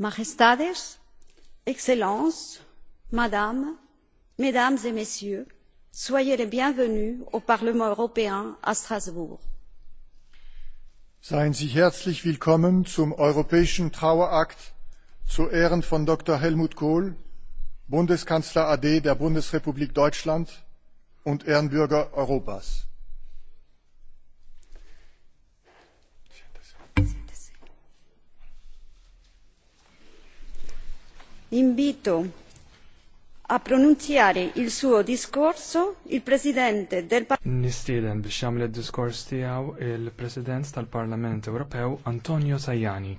Majestades, Excellences, Madame, Mesdames et Messieurs, soyez les bienvenus au Parlement européen à Strasbourg. Seien Sie herzlich willkommen zum Europäischen Trauerakt zu Ehren von Dr. Helmut Kohl, Bundeskanzler AD der Bundesrepublik Deutschland und Ehrenbürger Europas. invito a pronunziare il suo discorso il Presidente del Parlamento. Nistieden biex jagħmel id-diskors tiegħu il-President tal-Parlament Ewropew Antonio Tajani.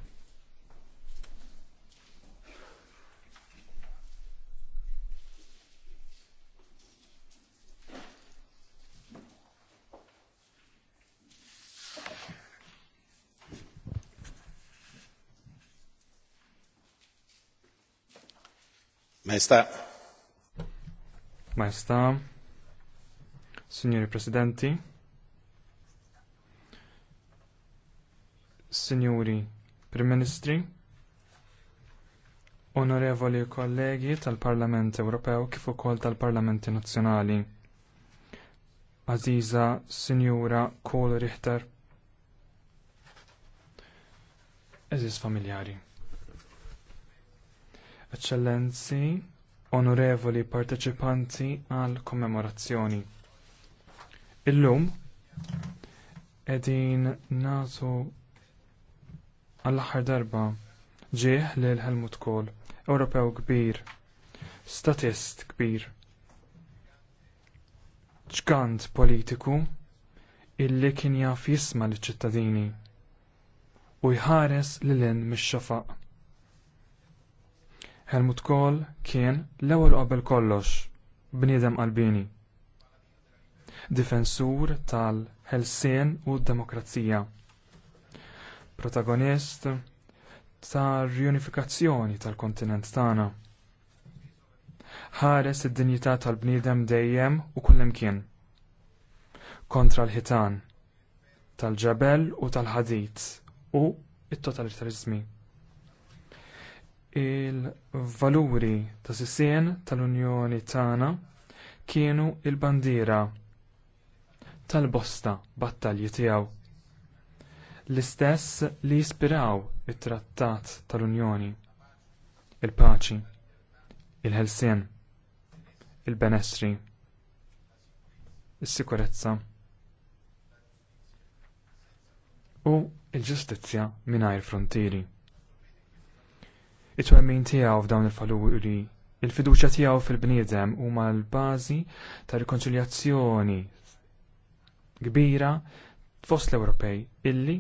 Maestà. Maestà, signori presidenti, signori prim-ministri, onorevoli kollegi tal-Parlament che kif ukoll tal-Parlamenti Nazzjonali. Aziza Signora Kohl Richter. Eżis familjari. Eccellenzi, onorevoli parteċipanti għal kommemorazzjoni. Illum edin nagħtu għall-aħħar darba ġieħ lil Helmut Kohl, Ewropew kbir, statist kbir, ċkant politiku illi kien jaf jisma' liċ-ċittadini u jħares lil hinn mix-xafaq. Helmut Kohl kien l-ewwel qabel kollox bniedem qalbini. Difensur tal-ħelsien u d-demokrazija. Protagonist tal riunifikazzjoni tal-kontinent tagħna. Ħares id-dinjità tal-bniedem dejjem u kullimkien. Kontra l-ħitan tal-ġebel u tal-ħadit u t totalitarizmi il-valuri ta' sissien tal-Unjoni tagħna kienu l bandiera tal-bosta battalji tiegħu. L-istess li jispiraw it-trattat tal-Unjoni, il-paċi, il-ħelsien, il-benessri, is-sikurezza u l ġustizzja mingħajr frontieri it-twemmin tiegħu f'dawn il-faluri il-fiduċja tiegħu fil-bniedem huma l-bażi ta' rikonċiljazzjoni kbira fost l-Ewropej illi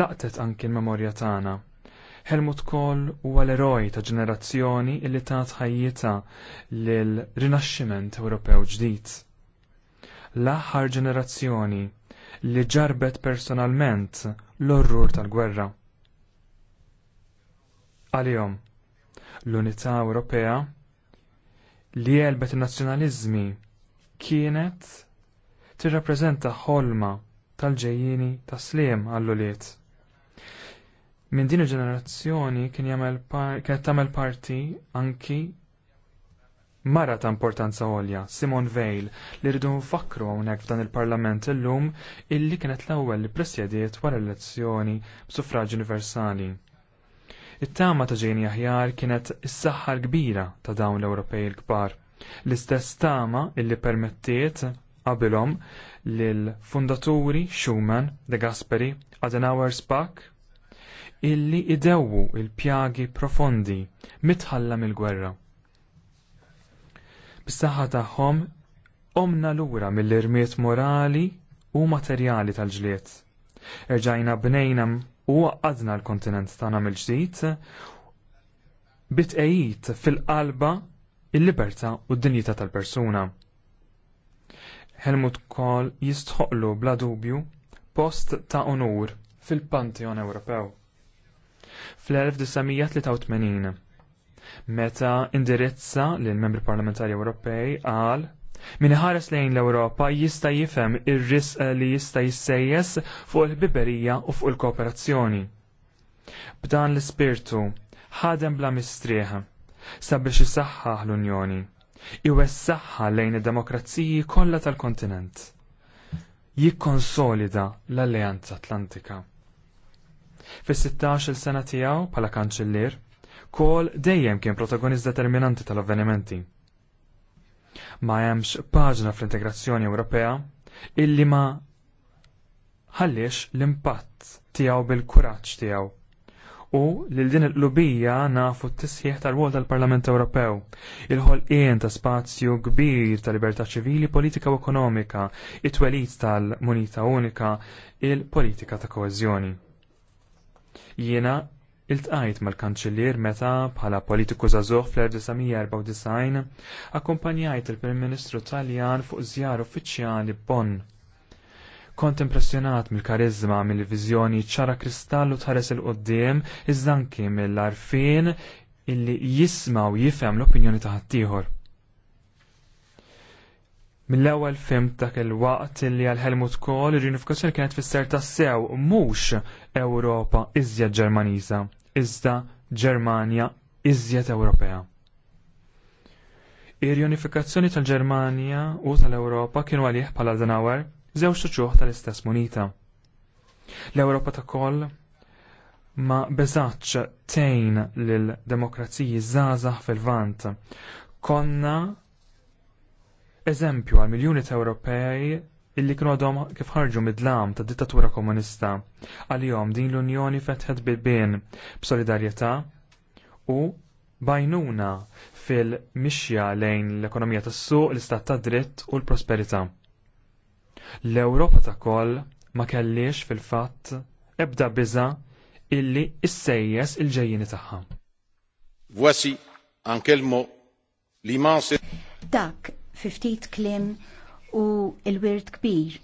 laqtet anki l-memorja tagħna. Helmut Kohl huwa l-eroj ta' ġenerazzjoni illi tat ħajjita lil rinaxximent Ewropew ġdid. L-aħħar ġenerazzjoni li ġarbet personalment l-orrur tal-gwerra għalihom. L-Unità Ewropea li għelbet nazzjonaliżmi kienet tirrappreżenta ħolma tal-ġejjini tas-sliem għall-uliet. Minn din il-ġenerazzjoni kien jagħmel kienet tagħmel parti anki mara ta' importanza għolja, Simon Veil, li rridu nfakru hawnhekk f'dan il-Parlament illum illi kienet l-ewwel li presjediet wara l-elezzjoni b'suffraġġ universali. It-tama ta' ġejni aħjar kienet is-saħħa l-kbira ta' dawn l-Ewropej l-kbar. L-istess tama illi permettiet qabilhom lill fundaturi Schumann, De Gasperi, Adenauer Spack, illi idewwu il-pjagi profondi mitħalla mill-gwerra. Bis-saħħa tagħhom omna lura mill-irmiet morali u materjali tal-ġlied. Erġajna bnejna u għadna l-kontinent tagħna mill-ġdid bitqejjit fil-qalba il-libertà u d-dinjità tal-persuna. Helmut Kohl jistħoqlu bla dubju post ta' onur fil-Pantheon Ewropew. Fl-1983, meta indirizza lill membri parlamentari Ewropej għal Min ħares lejn l-Ewropa jista' jifhem ir-risq li jista' jissejjes fuq il-biberija u fuq il-kooperazzjoni. B'dan l-ispirtu ħadem bla mistrieħ sabiex isaħħaħ l-Unjoni is-saħħa lejn id-demokraziji kollha tal-kontinent. Jikkonsolida l-Alleanza Atlantika. Fis-16 il sena tiegħu bħala kanċellier, kol dejjem kien protagonist determinanti tal-avvenimenti. Ma hemmx paġna fl-integrazzjoni Ewropea illi ma ħallix l-impatt tiegħu bil-kuraġġ tiegħu. U li din il-qlubija nafu t-tisħiħ tal-wol tal-Parlament Ewropew. Il-ħolqien ta' spazju kbir ta' libertà ċivili, politika u ekonomika, it-twelit tal-munita unika, il-politika ta' koezjoni. Jiena Iltqajt mal-kanċellier meta bħala politiku żagħżugħ fl-1994 akkumpanjajt il-Prim Ministru Taljan fuq żjar uffiċjali Bonn. Kont impressjonat mill-karizma, mill-viżjoni ċara kristallu tħares il-qoddim, iżdanki mill-arfin illi jisma' u jifhem l-opinjoni ta' Mill-ewwel fim dak il-waqt li għal Helmut Kohl ir-unifikazzjoni kienet fisser ta' sew mhux Ewropa iżjed Ġermaniża, iżda Ġermanja iżjed Ewropea. Ir-unifikazzjoni tal-Ġermanja u tal-Ewropa kienu għalih bħala Adenauer żewġ suċuħ tal-istess munita. L-Ewropa ta' koll ma beżaċ tejn lil demokraziji żgħażagħ fil-vant. Konna eżempju għal miljuni ta' Ewropej illi kienu għadhom kif ħarġu mid-dlam ta' dittatura komunista. Għalihom din l-Unjoni fetħet bil-bin b'solidarjetà u bajnuna fil-mixja lejn l-ekonomija tas-suq, l-istat ta' dritt u l-prosperità. L-Ewropa ta' koll ma kellix fil-fatt ebda biża illi issejjes il-ġejjini tagħha. Voici en quel mot l'immense Dak fiftit klim u il-wirt kbir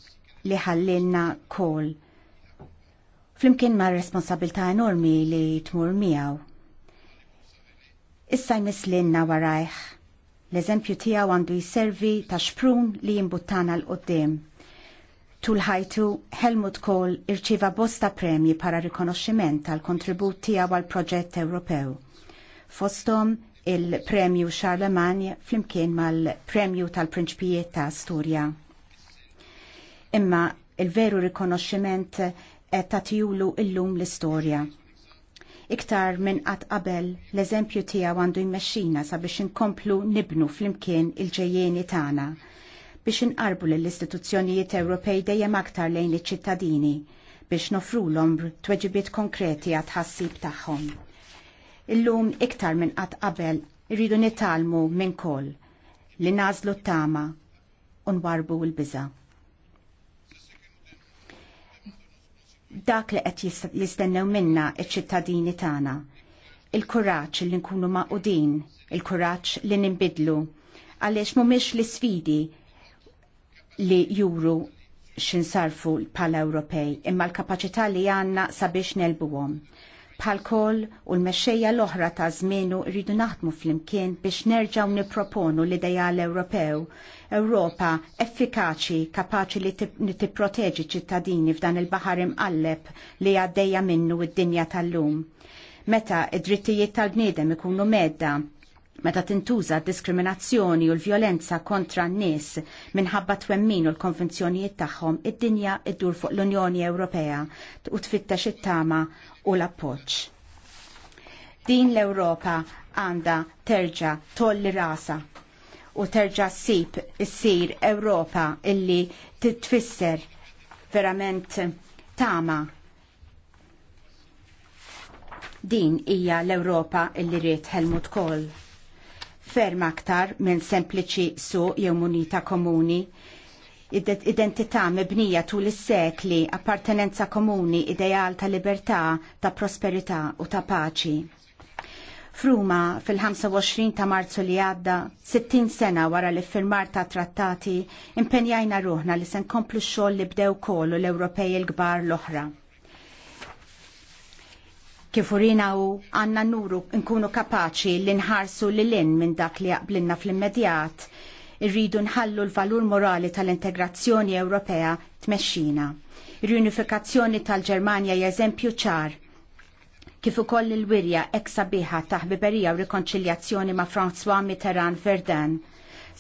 li ħallilna kol. Flimkien ma' responsabilta' enormi li tmur miegħu. Issa jmislinna warajħ. L-eżempju tiegħu għandu jiservi ta' xprun li jimbuttana l-qoddim. Tul ħajtu, Helmut Kohl irċiva bosta premji para rikonoxximent tal-kontribut tiegħu għal proġett Ewropew. Fostom il-premju Charlemagne flimkien mal-premju tal-prinċpijiet ta' Asturja. Imma il-veru rikonoxximent ta' tijulu illum l-istorja. Iktar minn qatt qabel l-eżempju tiegħu għandu jmexxina sabiex inkomplu nibnu flimkien il-ġejjeni tagħna biex inqarbu lill-istituzzjonijiet Ewropej dejjem aktar lejn iċ-ċittadini biex nofru l-ombr tweġibiet konkreti għat ħassib tagħhom. Illum iktar minn qatt qabel irridu nitalmu minn koll li nażlu t-tama u nwarbu l-biża. Dak li qed jistennew minna iċ-ċittadini tagħna. Il-kuraġġ li nkunu maqudin, il-kuraġġ li nimbidlu għaliex mhumiex l-isfidi li juru xinsarfu bħala Ewropej imma l kapaċità li għandna sabiex nelbuhom. Bħal-kol u l-mexxejja l-oħra ta' żmienu rridu naħdmu fl-imkien biex nerġaw niproponu l-idejal Ewropew, Ewropa effikaċi kapaċi li tipproteġi ċittadini f'dan il-baħar imqalleb li għaddejja minnu id-dinja tal-lum. Meta id-drittijiet tal-bniedem ikunu medda, meta tintuża diskriminazzjoni u l-vjolenza kontra n-nies minħabba twemmin u l-konvenzjonijiet tagħhom id-dinja iddur fuq l-Unjoni Ewropea u tfittex it-tama u l-appoġġ. Din l-Ewropa għanda terġa tolli rasa u terġa sib issir Ewropa illi titfisser verament tama. Din hija l-Ewropa illi rrit Helmut Kohl. Ferm aktar minn sempliċi su jew munita komuni, identità mibnija tul is-sekli, appartenenza komuni, ideal ta' libertà, ta' prosperità u ta' paċi. Fruma fil-25 ta' marzu li għadda, 60 sena wara li firmar ta' trattati, impenjajna ruħna li sen komplu xoll li bdew kollu l-Ewropej il-gbar l-oħra. Kifurina u għanna nuru nkunu kapaċi li nħarsu l lin minn dak li għablinna fl-immedjat Irridu nħallu l-valur morali tal-integrazzjoni Ewropea tmexxina. Riunifikazzjoni tal-Ġermanja jeżempju ċar kif ukoll il-wirja ek sabiħa ta' ħbiberija u rikonċiljazzjoni ma' François Mitterrand Verdun.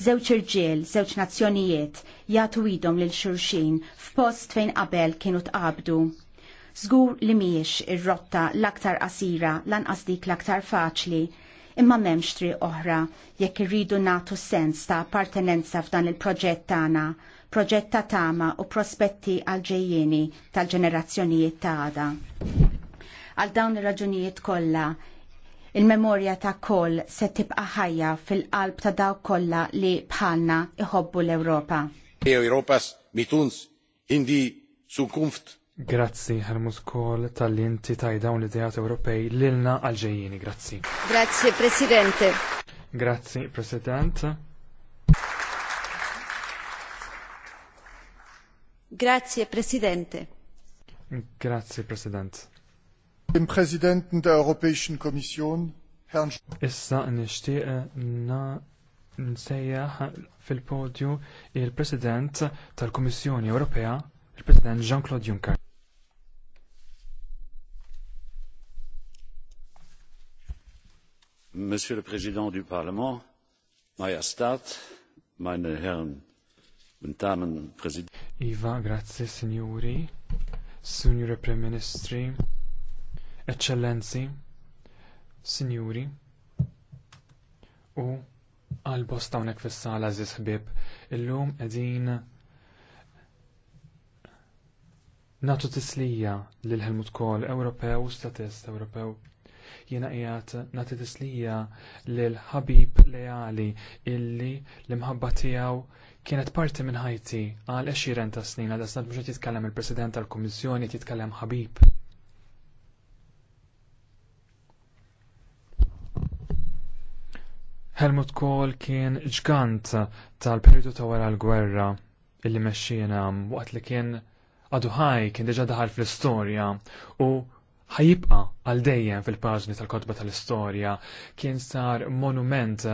Żewġ irġiel, żewġ nazzjonijiet jagħtu idhom lil xulxin f'post fejn qabel kienu tqabdu. Żgur li mhijiex ir-rotta l-aktar qasira lanqas dik l-aktar faċli imma memx triq oħra jekk irridu nagħtu sens ta' appartenenza f'dan il-proġett tagħna, proġett ta' tama u prospetti għal ġejjieni tal-ġenerazzjonijiet ta' għada. Għal dawn ir-raġunijiet kollha, il-memorja ta' koll se tibqa' ħajja fil-qalb ta' dawk kollha li bħalna iħobbu l-Ewropa. Europas mituns indi sukunft Grazzi Helmut Kohl tal-inti dawn l-idejat Ewropej lilna għalġejjini, grazzi. Grazzi Presidente. Grazzi President. Grazie Presidente. Grazie President. Dem Presidenten der Europäischen Kommission, Herrn Issa nixtieq na nsejjaħ fil-podju il-President tal kommissjoni Ewropea, il-President Jean-Claude Juncker. Monsieur le Président du Parlement, Majestat, meine Herren und Damen Iva, grazie signori, signore Prime Ministri, Eccellenzi, signori, u għal-bosta unek fissala ziz illum edin natu tislija lil Helmut Kohl, Ewropew, statist Ewropew jiena qiegħed nagħti tislija lil ħabib leali illi l-imħabba tiegħu kienet parti minn ħajti għal 20 ta' snin għal dasnat mhux jitkellem il-President tal-Kummissjoni jitkellem ħabib. Helmut Kohl kien ġgant tal-periodu ta' wara l-gwerra illi mexxina waqt li kien għadu ħaj kien diġa daħal fl-istorja u ħajibqa għal dejjem fil-paġni tal-kotba tal-istorja kien sar monument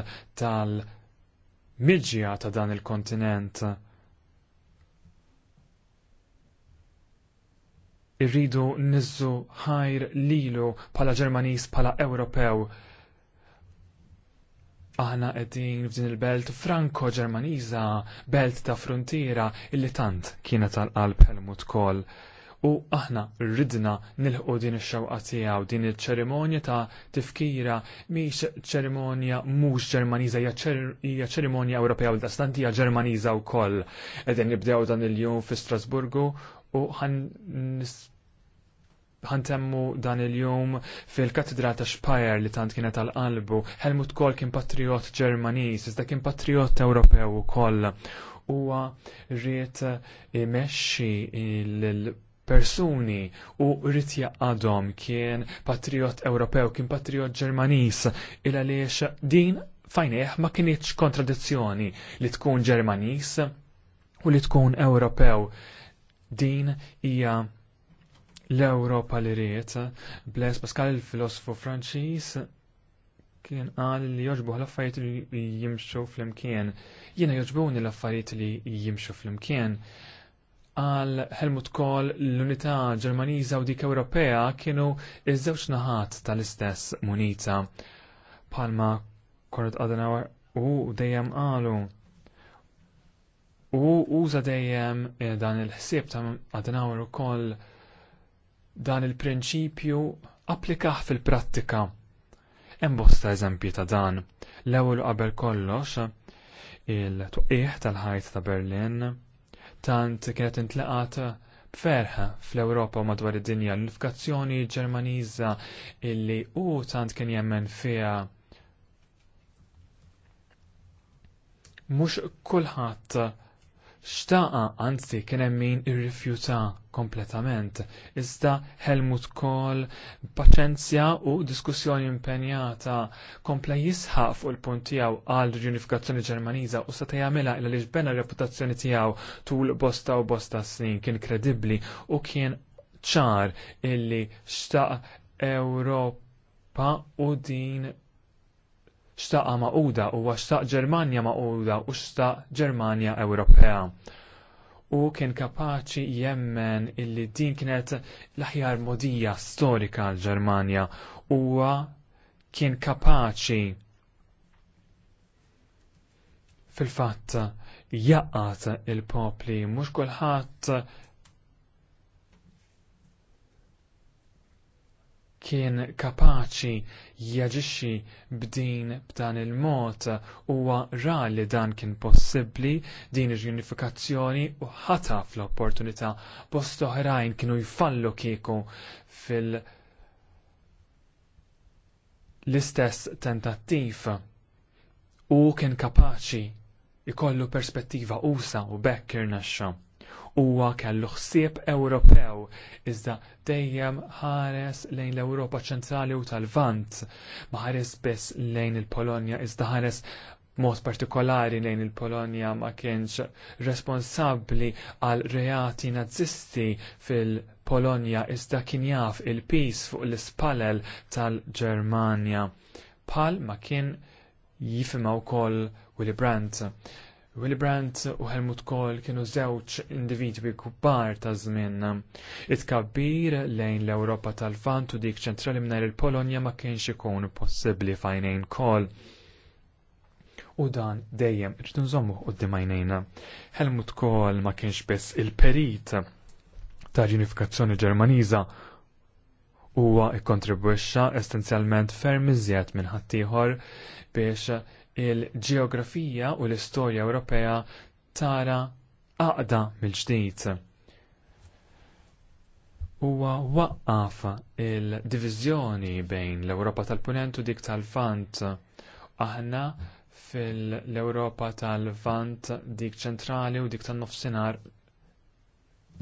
tal-miġja ta' dan il-kontinent. Irridu nizzu ħajr lilu pala Ġermanis pala Ewropew. Aħna qegħdin f'din il-belt franko-Ġermaniża, belt ta' frontiera illi tant kienet tal-qalb Helmut Kohl u aħna rridna nilħu din ix-xewqa tiegħu din iċ-ċerimonja ta' tifkira mhix ċerimonja mhux Ġermaniża hija ċerimonja Ewropea u dastant hija Ġermaniża wkoll. Qegħdin nibdew dan il-jum fi Strasburgu u ħantemmu dan il-jum fil-katedra ta' Speyer li tant kienet tal qalbu Helmut Kohl kien patriot Ġermaniż, iżda kien patriot Ewropew ukoll huwa rrit imexxi l persuni u rrit jaqadhom kien patriot Ewropew, kien patriot Ġermanis, il għaliex din fajneħ ma kienieċ kontradizzjoni li tkun Ġermanis u li tkun Ewropew. Din hija l-Ewropa li rrit, Blaise Pascal, il-filosofu Franċiż, kien qal li joġbu l-affarijiet li jimxu fl-imkien. Jiena joġbuni l-affarijiet li jimxu fl-imkien. fl imkien jiena joġbuni l affarijiet li jimxu fl imkien għal Helmut Kohl l-unità Ġermaniża u dik Ewropea kienu iż-żewġ naħat tal-istess munita. Palma Konrad Adenauer u dejjem qalu u uża dejjem eh, dan il-ħsieb ta' Adenauer ukoll dan il-prinċipju applikaħ fil-prattika. Hemm bosta eżempji ta' dan. L-ewwel qabel kollox il-tuqqieħ tal-ħajt ta' Berlin tant kienet intlaqat ferħa fl-Ewropa madwar id-dinja l-unifikazzjoni Ġermaniża illi u tant kien jemmen fiha mhux kulħadd xtaqa anzi kien hemm min irrifjuta kompletament. Iżda Helmut Kohl paċenzja u diskussjoni impenjata kompla jisħaq fuq il-punt tiegħu għal riunifikazzjoni Ġermaniża u seta jagħmilha illa li reputazzjoni tiegħu tul bosta u bosta snin kien kredibbli u kien ċar illi xtaq Ewropa u din xtaqa maquda huwa xtaq Ġermanja maquda u xtaq Ġermanja Ewropea. U kien kapaċi jemmen illi din kienet l-aħjar modija storika l-Ġermanja huwa kien kapaċi fil-fatt jaqqat il-popli mhux kulħadd kien kapaċi jaġixxi b'din b'dan il-mod huwa ra li dan kien possibbli din ir-unifikazzjoni u ħata fl-opportunità bost oħrajn kienu jfallu kieku fil- l-istess tentattiv u kien kapaċi ikollu perspettiva usa u bekk irnexxa huwa kellu ħsieb Ewropew iżda dejjem ħares lejn l-Ewropa ċentrali u tal-Vant. Ma ħares biss lejn il-Polonja iżda ħares mod partikolari lejn il-Polonja ma kienx responsabbli għal reati nazzisti fil-Polonja iżda kien jaf il-pis fuq l ispalel tal-Ġermanja. Pal ma kien jifimaw wkoll Willy Brandt Willy Brandt u Helmut Kohl kienu żewġ individwi kbar ta' żmien. It-kabbir lejn l-Ewropa tal-Vant u dik ċentrali mingħajr il-Polonja ma kienx ikun possibbli fajnejn Kohl u dan dejjem irridu nżommu quddiem għajnejna. Helmut Kohl ma kienx biss il-perit tal ġunifikazzjoni Ġermaniża huwa ikkontribwixxa essenzjalment ferm iżjed minn ħaddieħor biex il-ġeografija u l-istorja Ewropea tara għaqda mill-ġdid. Huwa waqqaf il-diviżjoni bejn l-Ewropa tal-Punent u dik tal lvant Aħna fil-Ewropa tal lvant dik ċentrali u dik tan-nofsinhar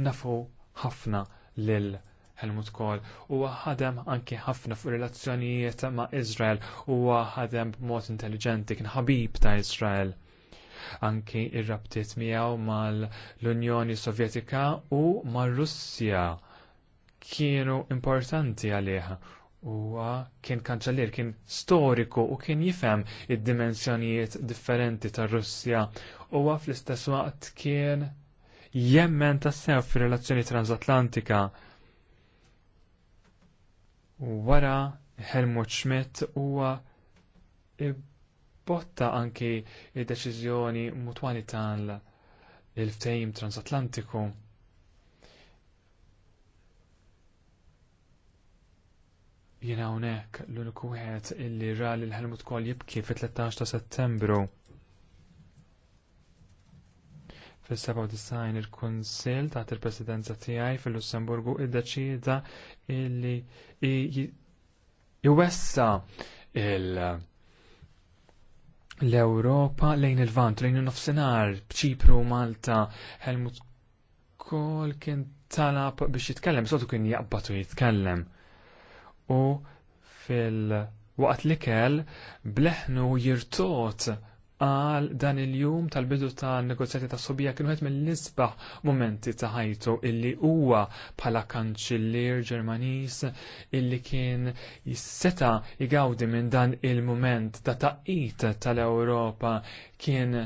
nafu ħafna lil Helmut Kohl u ħadem anki ħafna fuq relazzjonijiet ma' Izrael u ħadem b'mod intelligenti kien ħabib ta' Izrael anki ir-rabtiet miegħu mal-Unjoni Sovjetika u mar-Russja kienu importanti għalih huwa kien kanċellier kien storiku u kien jifhem id-dimensjonijiet differenti tar-Russja huwa fl-istess waqt kien jemmen sew fir-relazzjoni transatlantika U wara Helmut Schmidt huwa botta anki il deċiżjoni mutwali tal il-ftehim transatlantiku. jena hawnhekk l-uniku wieħed illi ra l Helmut Kol jibki fit-13 ta' Settembru. Fis-97 il-Kunsill taħt il-Presidenza tiegħi fil-Lussemburgu iddeċida li iwessa l-Ewropa lejn il-vant, lejn il-nofsinhar, b'Ċipru, Malta, Helmut Kohl kien talab biex jitkellem, sotu kien jaqbatu jitkellem. U fil-waqt li kell bleħnu jirtot għal dan il-jum tal-bidu ta' negozjati ta' sobija kienu għet mill-nisbaħ momenti ta' ħajtu illi huwa bħala kanċillier Ġermanis illi kien jisseta jgawdi minn dan il-moment ta' taqit tal-Europa kien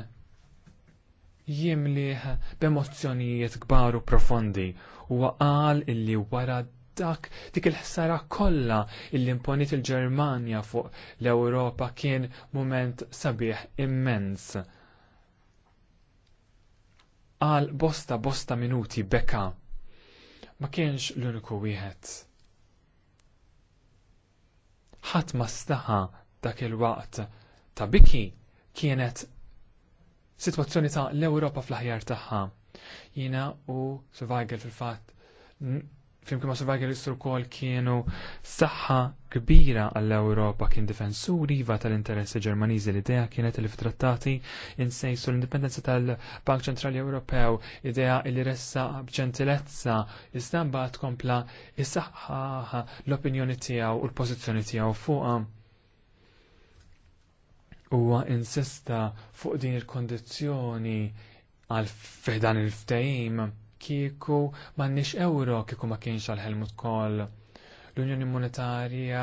jimliħ b'emozzjonijiet kbar u profondi u qal illi wara dak dik il-ħsara kollha illi imponiet il-Ġermanja fuq l-Ewropa kien mument sabiħ immens. Għal bosta bosta minuti beka. Ma kienx l-uniku wieħed. Ħadd ma staħa dak il-waqt ta' biki kienet sitwazzjoni ta' l-Ewropa fl-aħjar tagħha. Jina u Survival fil-fatt flimkien ma' istru kol kienu saħħa kbira għall-Ewropa kien difensur iva tal-interessi Ġermaniżi l-idea kienet li f'trattati insejsu l-indipendenza tal-Bank Ċentrali Ewropew idea li ressa b'ġentilezza istamba tkompla is isaħħaħ l-opinjoni tiegħu u l-pożizzjoni tiegħu fuqa Huwa insista fuq din il kondizjoni għal fedan il-ftehim kieku m'għandniex euro kieku ma kienx għal Helmut Kohl. L-Unjoni Monetarja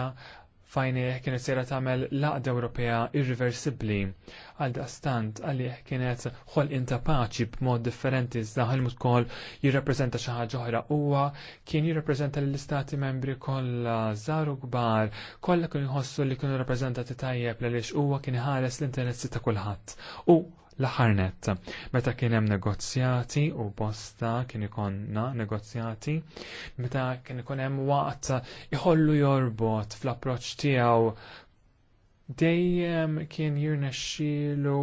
fajni kienet sejra tagħmel laqda Ewropea irreversibli għal daqstant għalli kienet xol inta paċi b'mod differenti iżda Helmut Kohl jirrappreżenta xi ħaġa oħra huwa kien jirrappreżenta lill-istati membri kollha żaru kbar kollha kienu jħossu li kienu rappreżentati tajjeb għaliex huwa kien ħares l-interessi ta' kulħadd. U l-ħarnet. Meta kien hemm negozjati u bosta kien ikonna negozjati, meta kien ikun hemm waqt iħollu jorbot fl-approċċ tiegħu dejjem kien jirnexxielu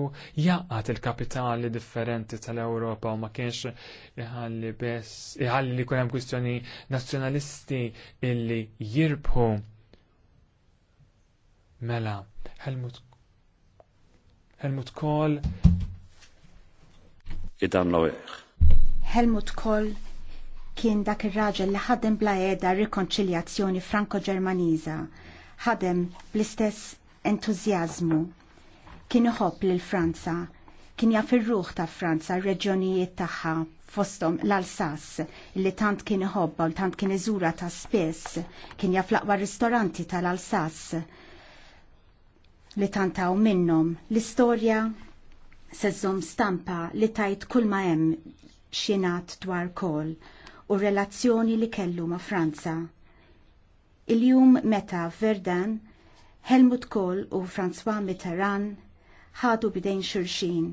jaqat il-kapitali differenti tal-Ewropa u ma kienx iħalli bess iħalli li hemm kwistjoni nazzjonalisti illi jirbħu. Mela, Helmut Helmut Kohl Idan Lawyer. Helmut Kohl kien dak ir-raġel li ħadem bla qiegħda rikonċiljazzjoni Franko-Ġermaniża, ħadem bl-istess entużjażmu. Kien iħobb lil Franza, kien jaf ir-ruħ ta' Franza, r-reġjonijiet tagħha fostom l-Alsas, li tant kien iħobba u tant kien iżura ta' spess, kien jaf laqwa ristoranti tal-Alsas li tantaw minnom l-istorja sezzom stampa li tajt kull ma hemm xjenat dwar kol u relazzjoni li kellu ma' Franza. Il-jum meta Verdan, Helmut Kohl u François Mitterrand ħadu bidejn xurxin.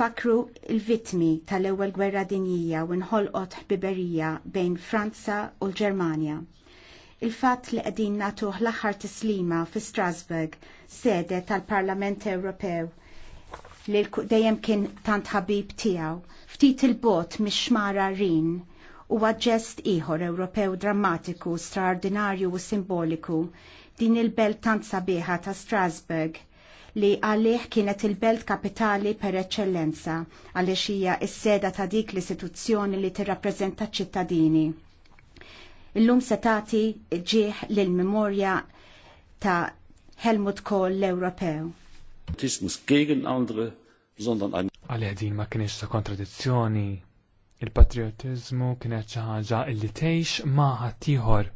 Fakru il-vitmi tal-ewwel gwerra dinjija u nħolqot ħbiberija bejn Franza u l-Ġermanja. Il-fatt li qegħdin nagħtuh l-aħħar tislima fi Strasbourg, sede tal-Parlament Ewropew, li dejjem kien tant ħabib tiegħu, ftit il-bot mix xmara rin, huwa ġest ieħor Ewropew drammatiku, straordinarju u simboliku din il-belt tant sabiħa ta' Strasbourg li għalih kienet il-belt kapitali per eccellenza għaliex hija s-seda ta' dik l-istituzzjoni li tirrappreżenta ċittadini. Illum se tagħti ġieħ lill-memorja ta' Helmut Kohl l-Ewropew. għal għadin ma kienx ta' kontradizzjoni, il-patriotizmu kienet xi ħaġa illi tgħix ma' ieħor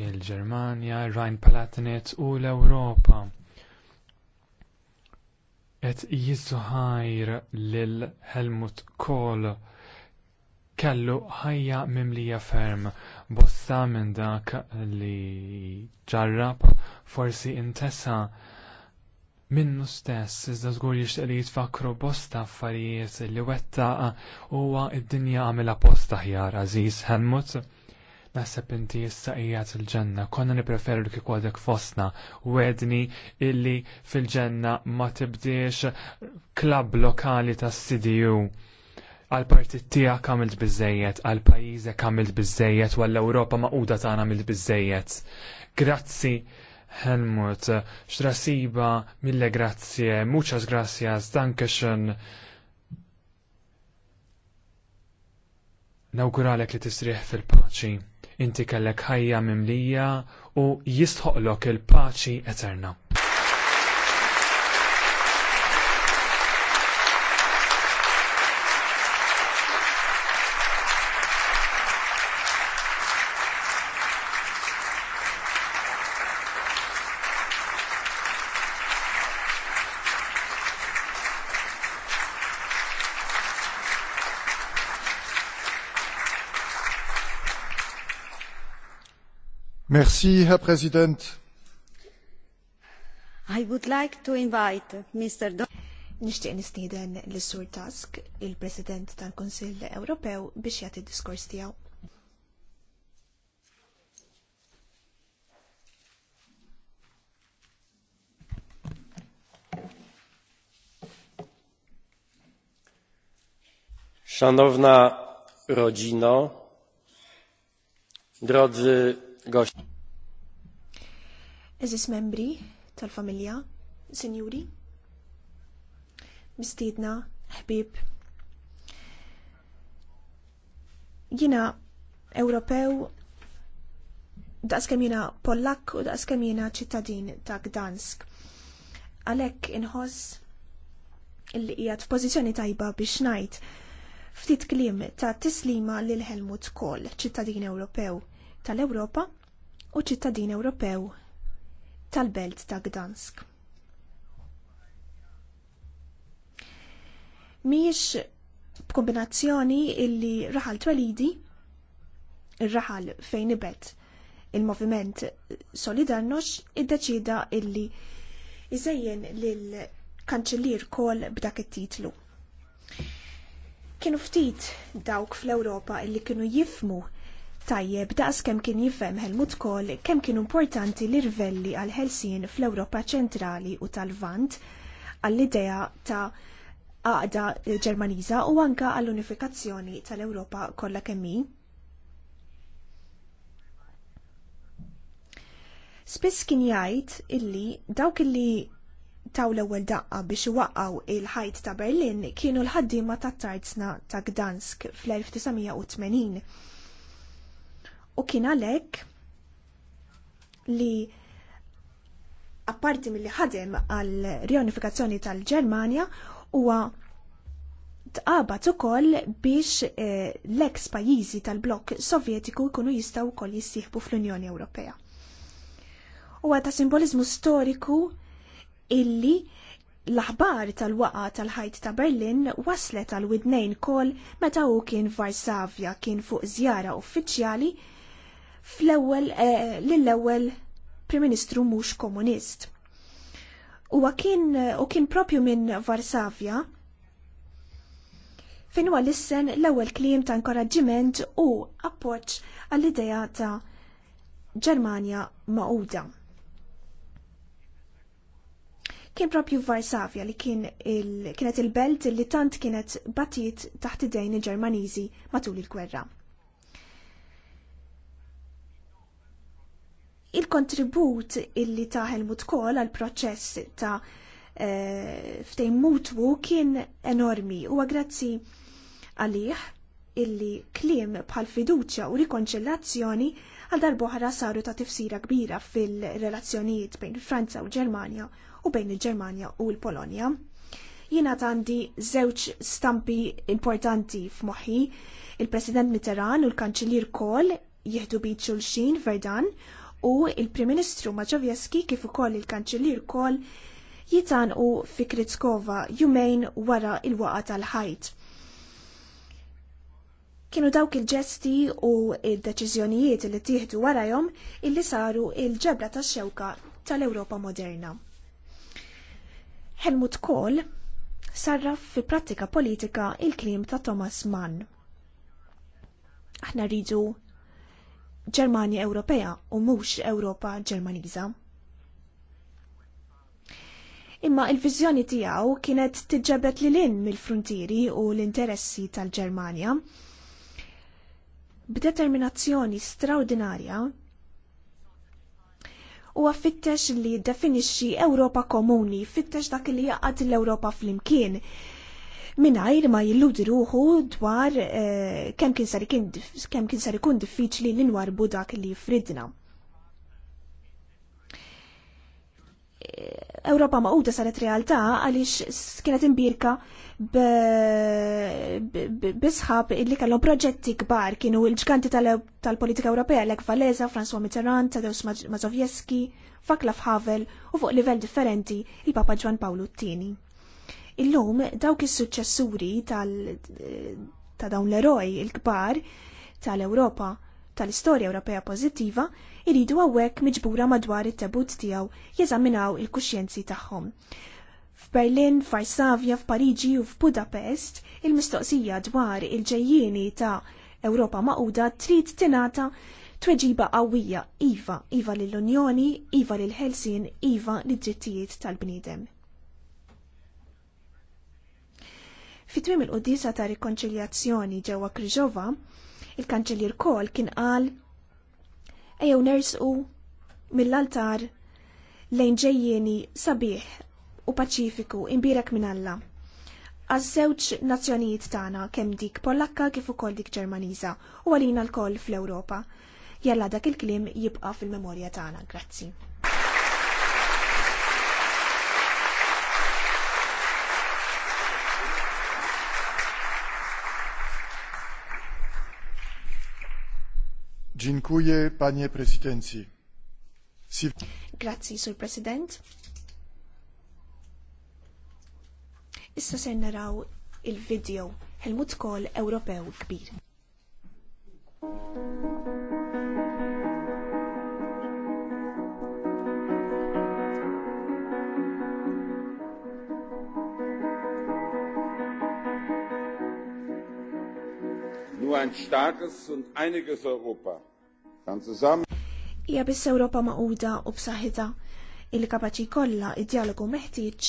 il-Ġermanja, Rhein rajn Palatinet u l-Ewropa. Et jizzuħajr lil Helmut Kohl kellu ħajja mimlija ferm bossa minn dak li ġarrab forsi intesa minnu stess iżda żgur jixtieq li jitfakru bosta affarijiet li wettaq huwa id-dinja għamilha posta ħjar Aziz Helmut. Naħseb inti issa qiegħed il-ġenna, konna nippreferu li kiekodek fostna wedni illi fil-ġenna ma tibdiex klabb lokali tas-CDU għal partit tiegħek għamilt biżejjed, għal pajjiżek għamilt biżejjed, u għall-Ewropa maquda tagħna għamilt biżejjed. Grazzi Helmut, xtrasiba, mille grazie, muchas gracias, dankeschön. Nawguralek li tisriħ fil-paċi. Inti kellek ħajja mimlija u jistħoqlok il-paċi eterna. Merci, Herr Präsident. I would like to invite Mr. Don Nishtiq nistiden l-Sur Tusk, il-President tal konsil Ewropew, biex jagħti diskors tiegħu. Szanowna rodzino, drodzy Għax. Eżis membri tal-familja, sinjuri, mistiedna, ħbib. Jina Ewropew daqs kemm jiena Pollak u daqs kemm jiena ċittadin ta' Gdansk. Għalhekk inħoss illi qiegħed f'pożizzjoni tajba biex ngħid ftit kliem ta' tislima lil Helmut Kohl, ċittadin Ewropew tal-Ewropa u ċittadin Ewropew tal-Belt ta' Gdansk. Mhijiex b'kombinazzjoni illi raħal twelidi, ir-raħal fejn ibed il-moviment Solidarnox iddeċida illi iżejjen lil kanċellier kol b'dak it-titlu. Kienu ftit dawk fl-Ewropa illi kienu jifmu tajjeb daqs kemm kien jifhem Helmut Kohl kemm kienu importanti l-irvelli għal ħelsien fl-Ewropa ċentrali u tal-Vant għall-idea ta' għaqda Ġermaniża u anka għall-unifikazzjoni tal-Ewropa kollha kemm hi. Spiss kien jgħid illi dawk illi taw l-ewwel daqqa biex iwaqgħu il-ħajt ta' Berlin kienu l-ħaddiema tat-tartsna ta' Gdansk fl-1980. U kien għalhekk li apparti mill-li ħadem għal rionifikazzjoni tal-Ġermanja huwa tqabad ukoll biex eh, l-eks pajjiżi tal-blokk Sovjetiku jkunu jistgħu wkoll jissieħbu fl-Unjoni Ewropea. Huwa ta' simbolizmu storiku illi l-aħbar tal-waqa tal-ħajt ta' Berlin waslet għal widnejn kol meta hu kien Varsavja kien fuq żjara uffiċjali fl-ewwel eh, lill-ewwel Prim Ministru mhux komunist. Huwa kien u kien propju minn Varsavja fejn huwa lissen l-ewwel kliem ta' inkoraġġiment u appoġġ għall-idea ta' Ġermanja Magħquda. Kien propju Varsavja li kien il, kienet il-belt li tant kienet batit taħt idejn il-Ġermaniżi matul il-gwerra. Il-kontribut illi ta' Helmut Kohl għal proċess ta' eh, ftejn mutwu kien enormi u grazzi għalih illi kliem bħal fiduċja u rikonċillazzjoni għal darboħra saru ta' tifsira kbira fil-relazzjonijiet bejn Franza u Ġermanja u bejn il-Ġermanja u l-Polonja. Jiena tandi żewġ stampi importanti f'moħħi, il-President Mitterrand u l-Kanċelier Kohl jieħdu bit xulxin Verdan u il-Prim Ministru Maġovjeski kif ukoll il-Kanċellier Koll jitanqu fi Kritzkova jumejn wara il-waqa tal-ħajt. Kienu dawk il-ġesti u il-deċiżjonijiet li tieħdu warajhom illi saru il-ġebra tax-xewka tal-Ewropa moderna. Helmut Kohl sarraf fi prattika politika il-klim ta' Thomas Mann. Aħna rridu Ġermanja Ewropea u mhux Ewropa Ġermaniża. Imma il-viżjoni tiegħu kienet tiġġabet lil lin mill-fruntieri u l-interessi tal-Ġermanja. B'determinazzjoni straordinarja u għaffittex li definixxi Ewropa komuni, fittex dak li jaqgħad l-Ewropa flimkien Minnajr ma jilludi ruħu dwar eh, kemm kien sar ikun diffiċli li nwarbu dak li fridna. Ewropa maquda saret realtà għaliex kienet imbirka bisħab illi kellhom proġetti kbar kienu l-ġganti tal-politika Ewropea l Valeza, François Mitterrand, Tadeusz Mazowiecki, Faklaf Havel u fuq livell differenti il-Papa Ġwan Pawlu t-tini. Illum dawk is-suċċessuri ta' dawn l-eroj il-kbar tal-Ewropa tal-istorja Ewropea pożittiva iridu hawnhekk miġbura madwar it-tebut tiegħu jeżaminaw il-kuxjenzi tagħhom. F'Berlin, f'Varsavja, f'Pariġi u f'Budapest, il-mistoqsija dwar il-ġejjieni ta' Ewropa maquda trid tingħata tweġiba qawwija iva, iva lill-Unjoni, iva lill-Helsin, iva lid-drittijiet tal-bniedem. Fit-tmim il-qudisa ta' rikonċiljazzjoni ġewwa Kriġova, il-kanċelier Kol kien qal ejjew nersqu mill-altar lejn ġejjieni sabiħ u paċifiku imbirek minn Alla. Għaż-żewġ nazzjonijiet tagħna kemm dik Pollakka kif ukoll dik Ġermaniża u għalina l-koll fl-Ewropa. Jalla dak il-klim jibqa' fil-memorja tagħna. Grazzi. Dziękuję, panie prezydencji. Si... Grazie, sur president. Issa ser naraw il-video Helmut Kohl Ewropew kbir. Nur ein starkes und einiges Europa Hija biss Ewropa maquda u b'saħħitha il kapaċi kollha id-dialogu meħtieġ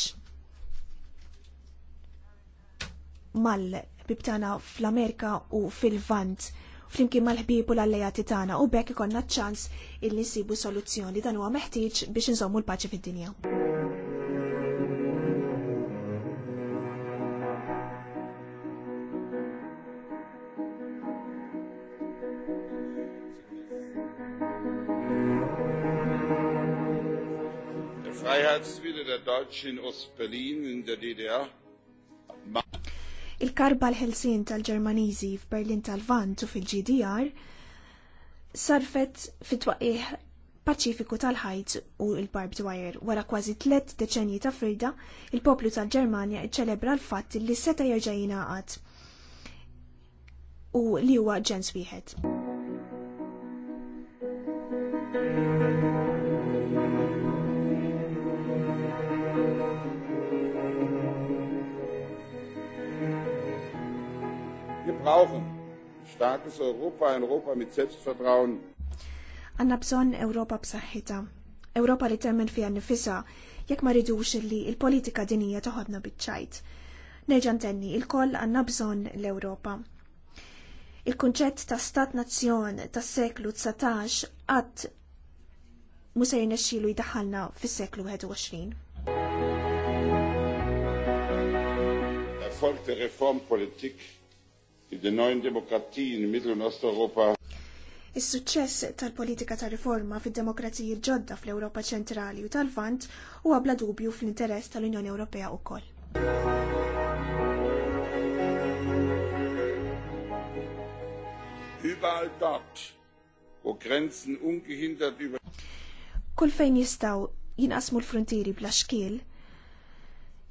mal bibtana fl-Amerika u fil-Vant flimkien mal ħbieb u l-allejati tagħna u bekk ikollna ċans il-nisibu soluzzjoni dan huwa meħtieġ biex inżommu l-paċi fid-dinja. Il-karba l-ħelsin tal-Ġermaniżi f'Berlin tal-Vant u fil-GDR sarfet fit twaqqih paċifiku tal-ħajt u l-barbed wire. Wara kważi tliet deċenji ta' frida, il-poplu tal-Ġermanja iċċelebra l-fatt li seta' jerġa' jingħaqad u li huwa ġens wieħed. brauchen starkes Europa, ein Europa mit Selbstvertrauen. Anna bżon Europa b'saħħitha. Europa li temmen fija nifisa, jekk ma ridux li il-politika dinija toħodna bitċajt. Nerġan tenni, il-koll għanna bżon l-Europa. Il-kunċett ta' stat-nazzjon ta' seklu 19 għad musajn nesċilu jidaħalna fis-seklu 21. Erfolg reform politik Is-suċċess tal-politika ta' riforma fid-demokrazija ġodda fl-Ewropa ċentrali u tal-Vant huwa bla dubju fl-interess tal-Unjoni Ewropea wkoll. Überall dort, wo Grenzen ungehindert über Kull fejn jistgħu jinqasmu l-frontieri bla xkiel,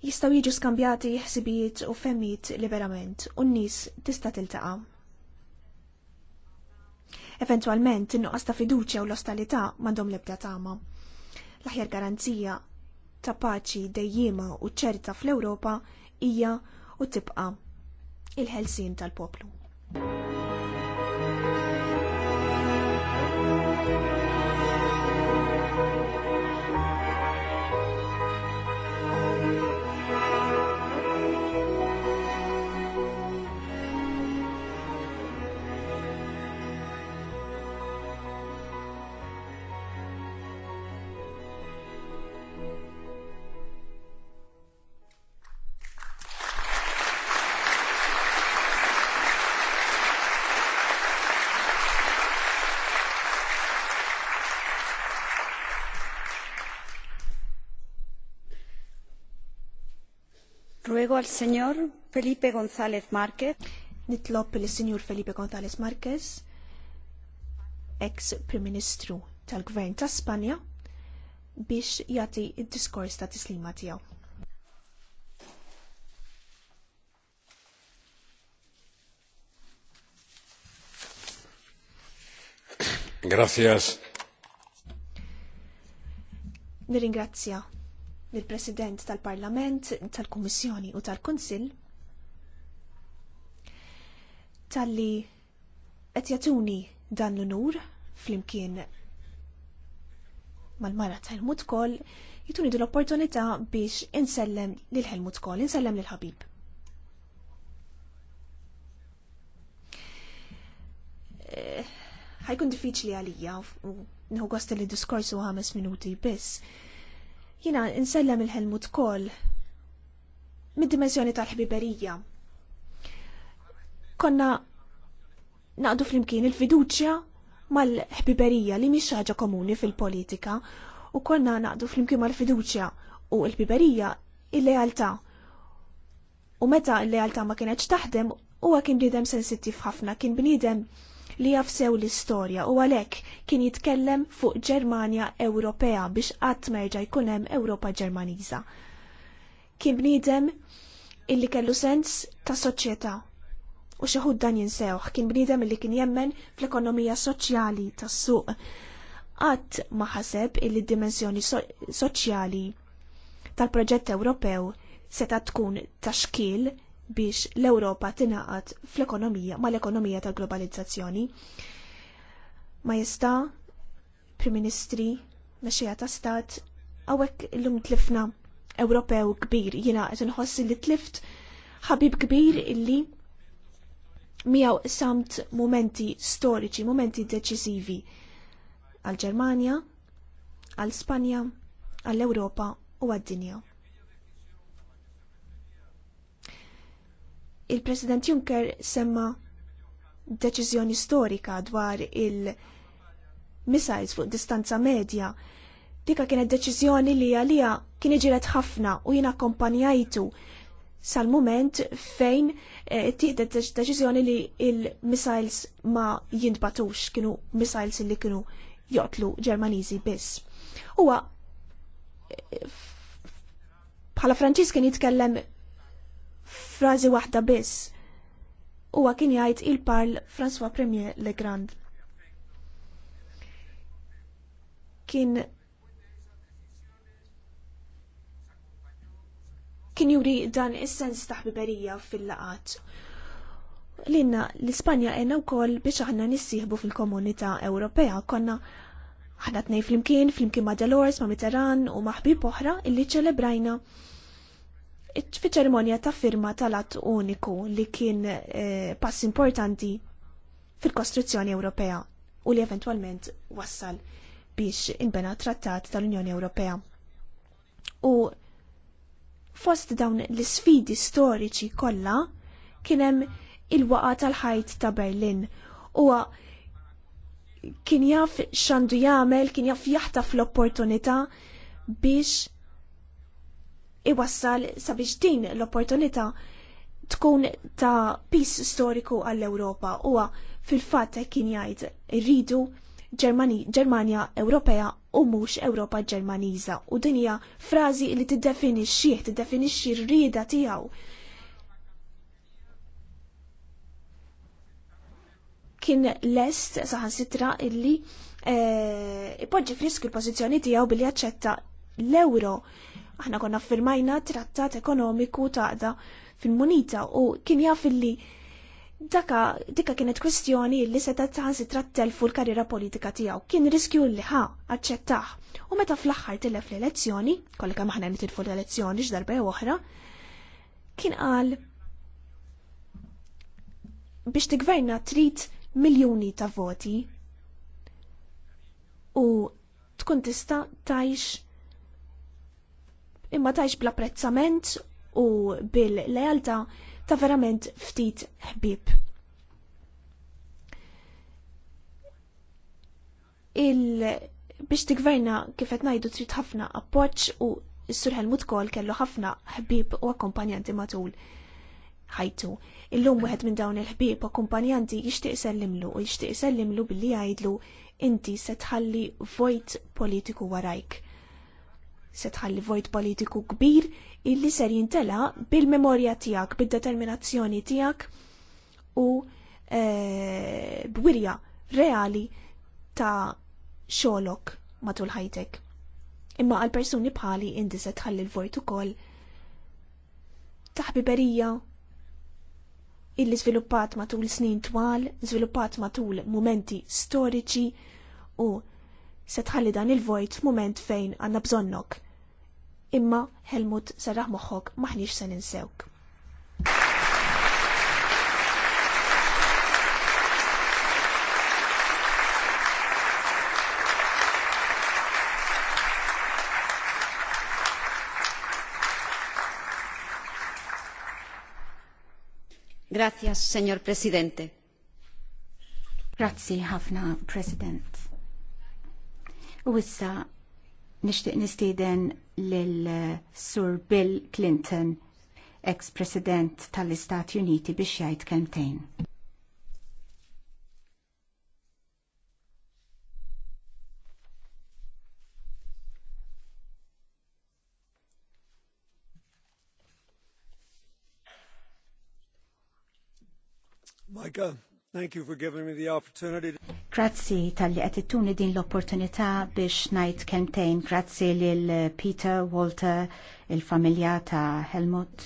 jistaw jiġu skambjati ħsibijiet u femmijiet liberament u n-nies tista' tiltaqa'. Eventualment, in-nuqqas ta' fiduċja u l-ostalità m'għandhom l-ebda tama. L-aħjar garanzija ta' paċi dejjima u ċerta fl-Ewropa hija u tibqa' il-ħelsien tal-poplu. Ruego al señor Felipe González Márquez. Nitlob li signor Felipe González Márquez, ex Prim Ministru tal-Gvern ta' Spanja, biex jagħti id-diskors ta' tislima tiegħu. Gracias. Nirringrazzja lill-President tal-Parlament, tal-Kummissjoni u tal-Kunsill talli qed jagħtuni dan l-unur flimkien mal-mara ta' Helmut Kol jituni l-opportunità biex insellem lil Helmut kol, insellem lil Ħabib. Eh, ħajkun diffiċli għalija u nħu gost li diskorsu ħames minuti biss Jina insellem il-Helmut Kohl mid-dimensjoni tal-ħbiberija. Konna naqdu flimkien il-fiduċja mal-ħbiberija li mhix ħaġa komuni fil-politika u konna naqdu flimkien mal-fiduċja u l-ħbiberija il-lealtà. U meta l-lealtà ma kienx taħdem huwa kien bniedem sensittiv ħafna, kien bniedem li jafsew l-istorja u għalhekk kien jitkellem fuq Ġermanja Ewropea biex qatt merġa' jkun hemm Ewropa Ġermaniża. Kien bniedem illi kellu sens ta' soċjetà u xi dan jinsewħ kien bniedem illi kien jemmen fl-ekonomija soċjali tas-suq. Qatt ma ħaseb illi d-dimensjoni soċjali tal-proġett Ewropew seta tkun taxkil biex l-Ewropa tingħaqad fl-ekonomija mal-ekonomija tal-globalizzazzjoni. Ma jista' Prim Ministri, mexxejja ta' stat, hawnhekk illum tlifna Ewropew kbir jina għet inħoss li tlift ħabib kbir illi miegħu samt momenti storiċi, momenti deċiżivi għal-Ġermanja, għal-Spanja, għall-Ewropa u għad-dinja. Il-President Juncker semma deċiżjoni storika dwar il-missiles fuq distanza medja. Dika kienet deċiżjoni li għalija kien iġiret ħafna u jien kompanjajtu sal-moment fejn eh, tieħdet deċiżjoni li il-missiles ma jindbatux kienu missiles li kienu joqtlu Ġermaniżi biss. Huwa eh, bħala Franċis kien jitkellem frażi waħda biss. Huwa kien jgħid il-parl François Premier Legrand. Kien kien juri dan is-sens ta' ħbiberija fil-laqat. Linna l-Ispanja għenna u koll biex aħna nissieħbu fil-komunità Ewropea konna aħna tnej fl-imkien, fl-imkien ma' Delors, ma' Mitterrand u ma' ħbib oħra illi ċelebrajna fi ċerimonja ta' firma tal-att uniku li kien eh, pass importanti fil-kostruzzjoni Ewropea u li eventualment wassal biex inbena trattat tal-Unjoni Ewropea. U fost dawn l-sfidi storiċi kollha kien hemm il-waqa tal-ħajt ta' Berlin u kien jaf xandu jagħmel, kien jaf jaħtaf l-opportunità biex iwassal sabiex din l-opportunità tkun ta' pis storiku għall-Ewropa huwa fil-fatt kien jgħid irridu Ġermanja Ewropea u mhux Ewropa Ġermaniża u din hija frażi li tiddefinixxih, tiddefinixxi r-rieda tiegħu. Kien lest saħansitra illi eh, ipoġġi frisku l-pożizzjoni tiegħu billi jaċċetta l-euro Aħna konna firmajna trattat ekonomiku taqda fil-munita u kien jaf li daka dika kienet kwestjoni li seta si trattel fu l-karriera politika tiegħu. Kien riskju li ħa aċċettaħ. U meta fl-aħħar l-elezzjoni, kollha kemm nitilfu l-elezzjoni x'darba oħra, kien qal biex tigverna trit miljoni ta' voti u tkun tista tajx imma tajx bl-apprezzament u bil-lealtà ta' verament ftit ħbib. Il biex tigverna kif qed ngħidu trid ħafna appoġġ u s-sur Helmut Kol kellu ħafna ħbib u akkompanjanti matul ħajtu. Illum wieħed minn dawn il-ħbib akkumpanjanti jixtieq sellimlu u jixtieq sellimlu billi jgħidlu inti se tħalli vojt politiku warajk se tħalli vojt politiku kbir illi ser jintela bil-memorja tijak, bil-determinazzjoni tijak u e, b'wirja reali ta' xolok matul ħajtek. Imma għal persuni bħali indi se tħalli l-vojt ukoll taħbiberija illi sviluppat matul snin twal, sviluppat matul momenti storiċi u se tħalli dan il-vojt moment fejn għanna bżonnok. Imma Helmut serraħ moħħok maħniex se ninsewk. Grazie, signor Presidente. Grazie, Hafna President. U issa nixtieq nistieden lil uh, Sur Bill Clinton, ex-President tal-Istati Uniti biex jgħid kemtejn. Micah, Thank you for giving me the opportunity. Grazzi tal-li qed ittuni din l-opportunità biex ngħid kemtejn. Grazzi l Peter, Walter, il-familja ta' Helmut,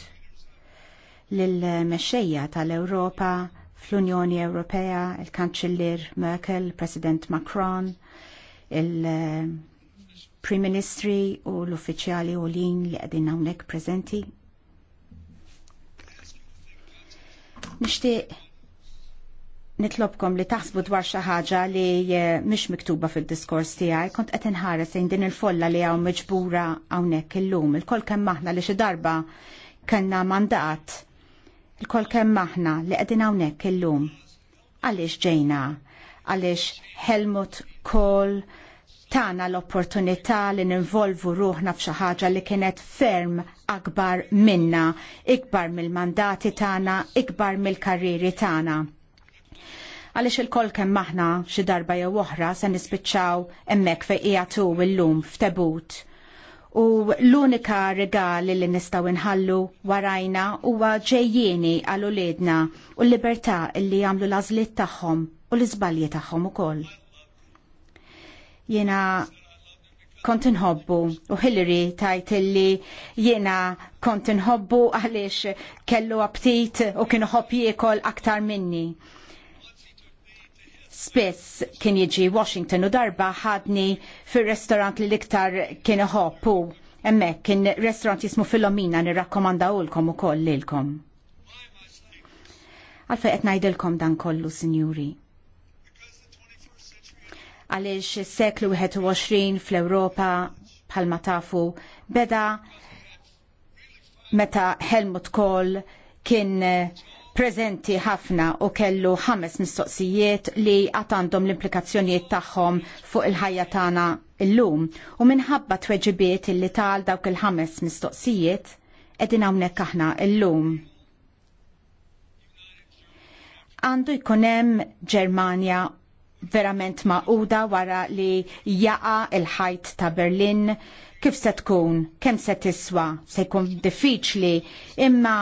lil mexxejja tal europa fl-Unjoni Ewropea, il-Kanċellier Merkel, President Macron, il-Prim eh, Ministri u l-uffiċjali u lin li qegħdin hawnhekk prezenti. Nishtiq nitlobkom li taħsbu dwar xi ħaġa li eh, mhix miktuba fil-diskors tiegħi, kont qed inħares lejn din il-folla li hawn miġbura hawnhekk illum. Il-kol kemm aħna li xi darba kellna mandat. Il-kol kemm aħna li qegħdin hawnhekk illum. Għaliex ġejna? Għaliex Helmut Kohl tana l-opportunità li ninvolvu ruħna f'xi ħaġa li kienet ferm akbar minna, ikbar mill-mandati tagħna, ikbar mill-karriri tagħna għaliex il-koll kemm maħna xi darba jew oħra se nispiċċaw hemmhekk fejn qiegħdu illum f'tebut. U l-unika regali li nistgħu inħallu warajna huwa ġejjieni għal uliedna u l-libertà li jagħmlu l-għażliet tagħhom u l-iżbalji tagħhom ukoll. Jiena kont inħobbu u Hillary tajt illi jiena kont inħobbu għaliex kellu aptit u kien ħobb jiekol aktar minni. Spiss kien jiġi Washington u darba ħadni fil-restorant li liktar kien ħobbu. Emmek kien restorant jismu Filomina ulkom u koll lilkom. Għalfej qed ngħidilkom dan kollu, sinjuri għaliex is seklu 21 fl-Europa bħalma tafu beda meta Helmut Kohl kien prezenti ħafna u kellu ħames mistoqsijiet li għatandom l-implikazzjonijiet tagħhom fuq il-ħajja tagħna illum u minħabba tweġibiet illi tal dawk il-ħames mistoqsijiet qegħdin hawnhekk aħna illum. Għandu jkun hemm Ġermanja verament maquda wara li jaqa il-ħajt ta' Berlin kif se tkun, kemm se tiswa, se jkun diffiċli, imma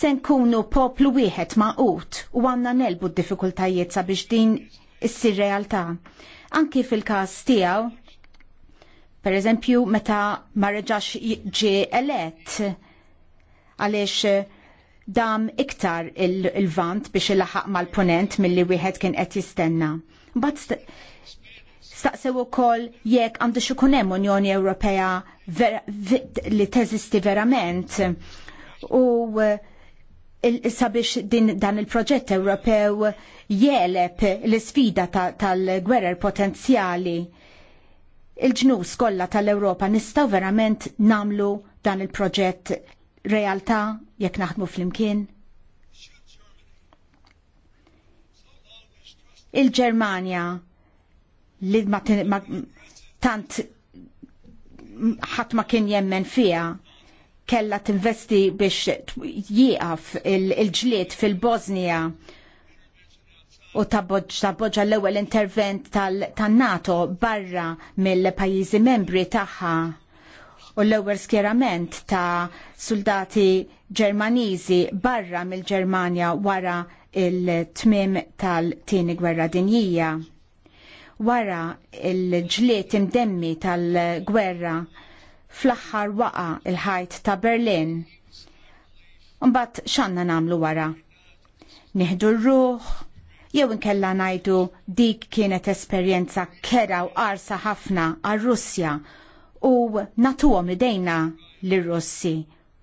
se nkunu poplu wieħed maqut u għandna nelbu d-diffikultajiet sabiex din issir realtà. Anki fil-każ tiegħu, per eżempju, meta ma reġax ġie elett għaliex eh, dam iktar il-vant il biex il-laħaq mal-ponent mill-li wieħed kien qed jistenna. Bat staqsew ukoll jekk għandu xukunem hemm Unjoni Ewropea li teżisti verament u eh, sabiex din dan il-proġett Ewropew jeleb l isfida tal-gwerer ta potenzjali il-ġnus kollha tal-Ewropa nistgħu verament namlu dan il-proġett realtà jekk naħdmu flimkien? Il-Ġermanja li ma tant ħadd ma kien jemmen fiha kella tinvesti biex jieqaf il-ġlied fil bosnia u tabboġa l-ewwel intervent tan-NATO barra mill-pajjiżi membri tagħha u l-ewwel skjerament ta' soldati Ġermaniżi barra mill-Ġermanja wara il-tmim tal-tieni gwerra dinjija. Wara il-ġliet imdemmi tal-gwerra fl-aħħar waqa il-ħajt ta' Berlin. Mbagħad x'għandna nagħmlu wara? Nihdu r-ruħ, jew inkella ngħidu dik kienet esperjenza kera u qarsa ħafna għar-Russja u natuhom idejna l russi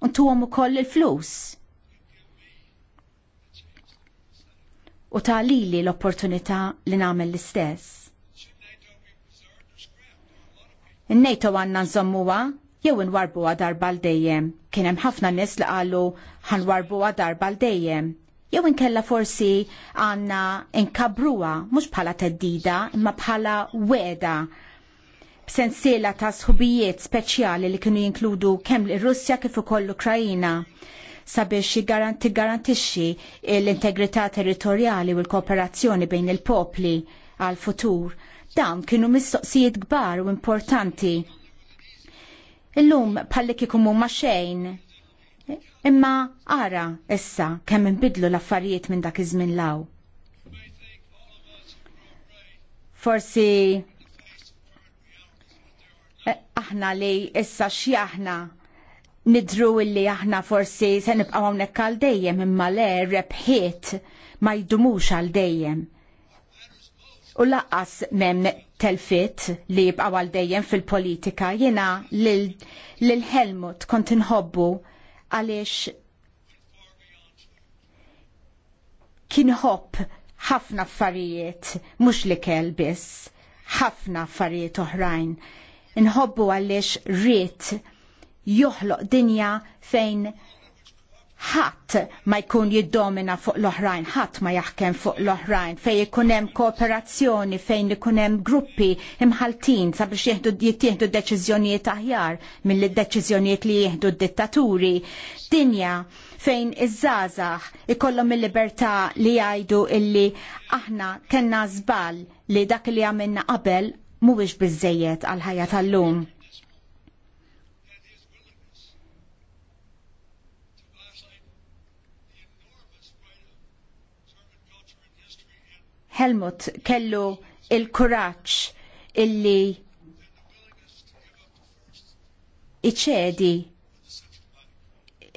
u ntuhom ukoll il-flus. U talili l-opportunità li nagħmel l-istess. n għanna nżommuwa jew nwarbu darba l-dejjem. Kienem ħafna nis li għallu ħanwarbu darba l-dejjem. Jew inkella forsi għanna inkabruwa mux bħala teddida imma bħala weda b'sensiela ta' sħubijiet speċjali li kienu jinkludu kemm ir-Russja kif ukoll l-Ukrajina sabiex garanti garantixxi l-integrità territorjali u l-kooperazzjoni bejn il-popli għal futur Dawn kienu mistoqsijiet gbar u importanti. Illum palli kikum ma xejn. Imma ara issa kemm inbidlu l-affarijiet minn dak iż-żmien law. Forsi eh, aħna li issa x'jaħna nidru illi aħna forsi se nibqgħu hawnhekk għal dejjem imma le rebħiet ma jdumux għal dejjem u laqqas mem telfit li jibqa' dejjem fil-politika jiena lil Helmut kont inħobbu għaliex kien ħobb ħafna affarijiet mhux li kell biss ħafna affarijiet oħrajn. Inħobbu għaliex riet joħloq dinja fejn ħadd ma jkun jiddomina fuq l-oħrajn, ħadd ma jaħkem fuq l-oħrajn, fejn ikun hemm kooperazzjoni, fejn ikun hemm gruppi imħaltin sabiex jieħdu jittieħdu deċiżjonijiet aħjar mill deċiżjonijiet li jieħdu d-dittaturi. Dinja fejn iż-żgħażagħ ikollhom il-libertà li jgħidu illi aħna kellna żball li dak li għamilna qabel mhuwiex biżejjed għal ħajja tal-lum. Helmut kellu il-kuraġġ illi iċedi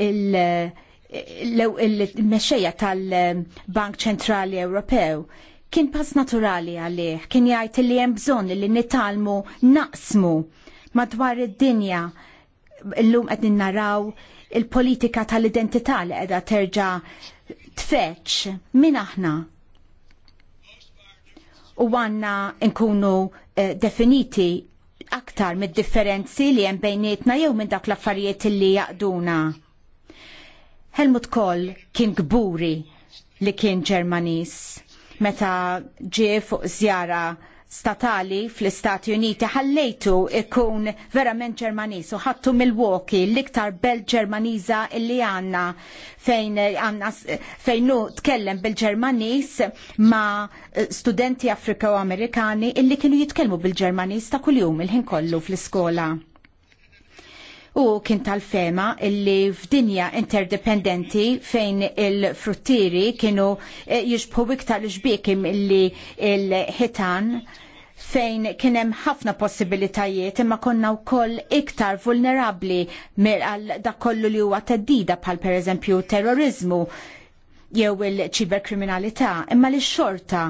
il-mexxejja tal-Bank Ċentrali Ewropew kien pass naturali għalih, kien jgħid li hemm bżonn li nitalmu naqsmu madwar id-dinja llum qed naraw il-politika tal-identità li qiegħda terġa' tfeċ min aħna u għanna nkunu eh, definiti aktar mid-differenzi li hemm bejnietna jew minn dak l-affarijiet li jaqduna. Helmut Kohl kien gburi li kien Ġermanis meta ġie fuq żjara statali fl-Istati Uniti ħallejtu ikun verament Ġermaniż u ħattu milwoki l-iktar belt Ġermaniża illi għandna fejn għandna fejn hu tkellem bil-Ġermaniż ma studenti Afrika u Amerikani illi kienu jitkellmu bil-Ġermaniż ta' kuljum il-ħin kollu fl-iskola u kien tal-fema illi f'dinja interdependenti fejn il-fruttieri kienu eh, jixbħu iktar l ġbikim illi il-ħitan fejn kienem ħafna possibilitajiet imma konna wkoll iktar vulnerabli għal dak kollu li huwa teddida bħal pereżempju terrorizmu jew il-ċiberkriminalità imma li xorta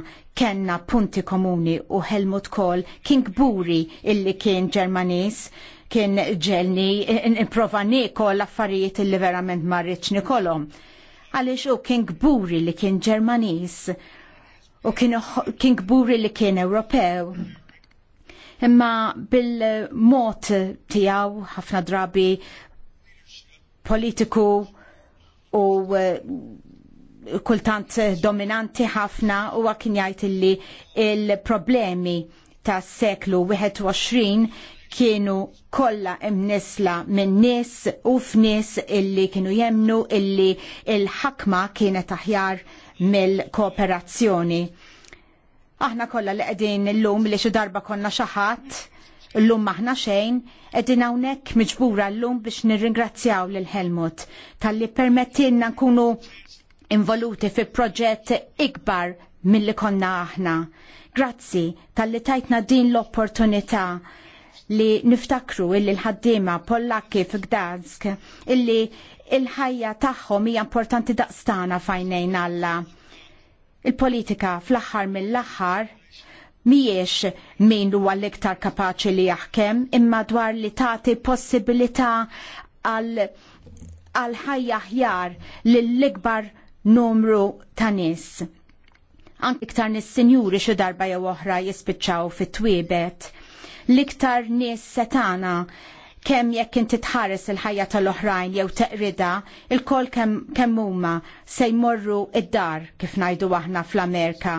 kenna punti komuni u Helmut Kohl kien gburi illi kien Ġermaniż kien ġelni prova nikol l-affarijiet li verament marriċ nikolom. Għalix u kien gburi li kien Ġermanis u kien gburi li kien Ewropew. Imma bil-mot tijaw ħafna drabi politiku u eh, kultant dominanti ħafna u kien jajt illi il-problemi ta' seklu 21 kienu kollha imnisla minn nies u f'nies illi kienu jemnu illi il-ħakma kienet aħjar mill-kooperazzjoni. Aħna kollha li qegħdin illum li xi darba konna xi ħadd l-lum maħna xejn, qegħdin hawnhekk miġbura l-lum biex nirringrazzjaw lil Helmut tal-li permettinna nkunu involuti fi proġett ikbar mill-li konna aħna. Grazzi tal-li tajtna din l-opportunità li niftakru illi l-ħaddima Pollakki fi Gdansk illi il-ħajja tagħhom hija importanti daqstana fajnejn alla. Il-politika fl-aħħar mill-aħħar miex min huwa l-iktar kapaċi li jaħkem imma dwar li tagħti possibilità għal għal ħajja ħjar lill-ikbar numru ta' nies. Anki iktar nis-sinjuri xi darba jew oħra jispiċċaw fit-twiebet l-iktar nies setana kemm jekk inti tħares il-ħajja tal-oħrajn jew teqrida, il-kol kemm kem huma se jmorru id-dar kif ngħidu aħna fl-Amerika.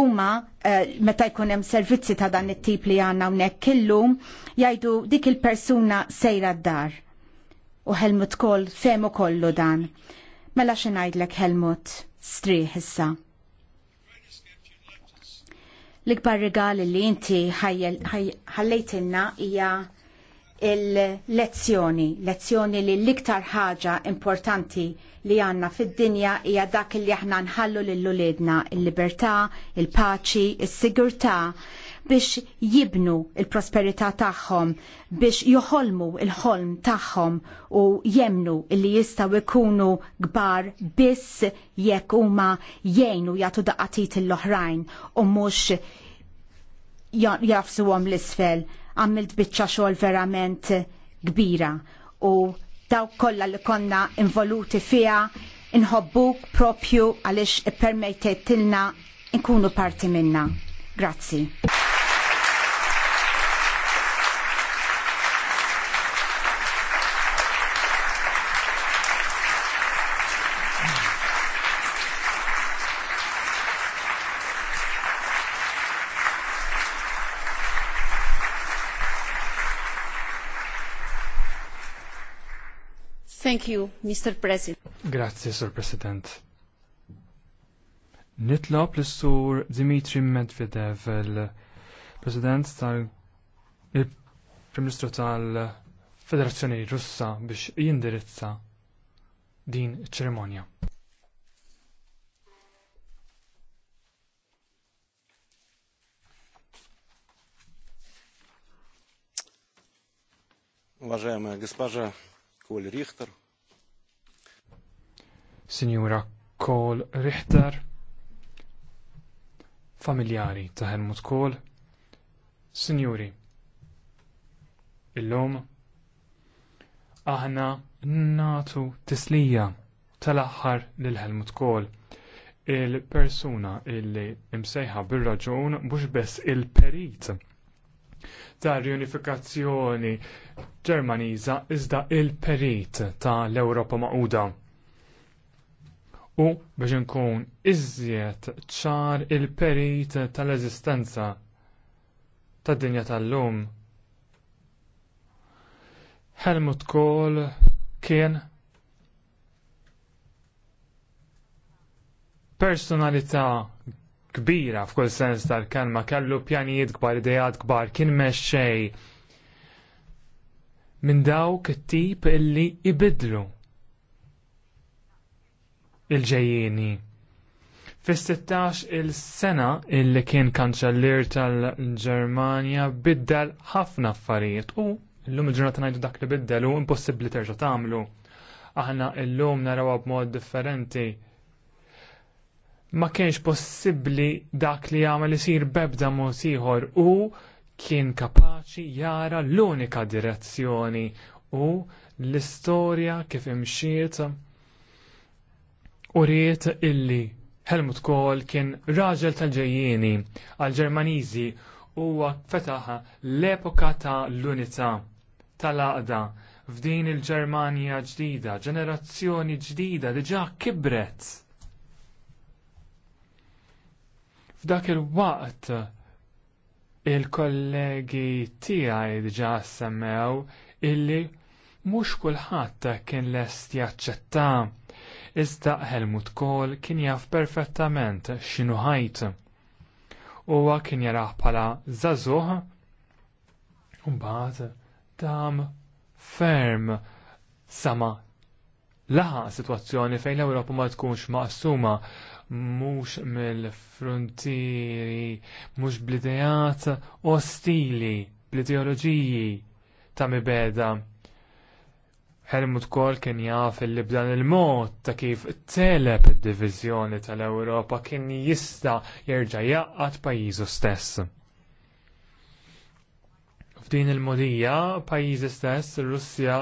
Huma uh, meta jkun hemm servizzi ta' dan it-tip li għandna hawnhekk killum, jgħidu dik il-persuna sejra d-dar. U Helmut kol femu kollu dan. Mela xi ngħidlek Helmut, strieħ issa. L-ikbar regal li inti ħallejtinna hija il-lezzjoni, lezzjoni li l-iktar ħaġa importanti li għanna fid-dinja hija dak li aħna nħallu lil il-paċi, is-sigurtà, il libertà il paċi il libertà il paċi is sigurtà biex jibnu il-prosperità tagħhom, biex joħolmu il-ħolm tagħhom u jemnu li jistgħu jkunu kbar biss jekk huma jgħinu jagħtu daqatit l-oħrajn u mhux jafsuhom l-isfel. Għamilt biċċa xogħol verament kbira u daw kollha li konna involuti fiha inħobbuk propju għaliex ippermettettilna nkunu parti minna. Grazzi. Thank you, Mr. President. Grazie, Sir President. Nitlob l-sur Dimitri Medvedev, il-President tal- il-Prim-Ministru tal-Federazzjoni Russa biex jindirizza din iċ-ċerimonja. Уважаемая госпожа Коль Рихтер. Сеньора Кол Рихтер familjari ta' Helmut Kohl. Sinjuri, illum aħna natu tislija tal-aħħar lil Helmut Kohl il-persuna illi msejħa bir-raġun mhux biss il-perit ta' riunifikazzjoni Ġermaniża iżda il-perit ta' l-Ewropa Maquda u biex inkun iżjed ċar il-perit tal-eżistenza tad-dinja tal-lum. Helmut Kohl kien personalità kbira f'kull sens tal-kelma, kellu pjanijiet kbar, idejat kbar, kien meċċej minn dawk it-tip illi ibidlu il ġejjini Fis-16 il-sena illi kien kanċellier tal-Ġermanja biddel ħafna affarijiet u llum il-ġurnata ngħidu dak li biddel u impossibbli terġa' tagħmlu. Aħna llum narawha b'mod differenti. Ma kienx possibbli dak li jagħmel isir bebda mod ieħor u kien kapaċi jara l-unika direzzjoni u l-istorja kif imxiet u riet illi Helmut Kohl kien raġel tal-ġejjieni għal-Ġermaniżi huwa fetaħa l-epoka ta' l-unità tal-għaqda f'din il ġermanija ġdida, ġenerazzjoni ġdida diġà kibret. F'dak il-waqt il-kollegi tiegħi diġa' semmew illi mhux kulħadd kien lest jaċċetta Iżda Helmut Kohl kien jaf perfettament x'inhu ħajt. Huwa kien jarah bħala żagħżugħ u mbagħad dam ferm sama laħa situazzjoni fejn l-Ewropa ma tkunx maqsuma mhux mill-frontieri, mhux blidejat ostili, bl-ideoloġiji ta' mibeda. Helmut Kohl kien jaf li b'dan il-mod ta' kif teleb id-diviżjoni tal-Ewropa kien jista' jerġa' jaqqat pajjiżu stess. F'din il-modija pajjiżi stess Russja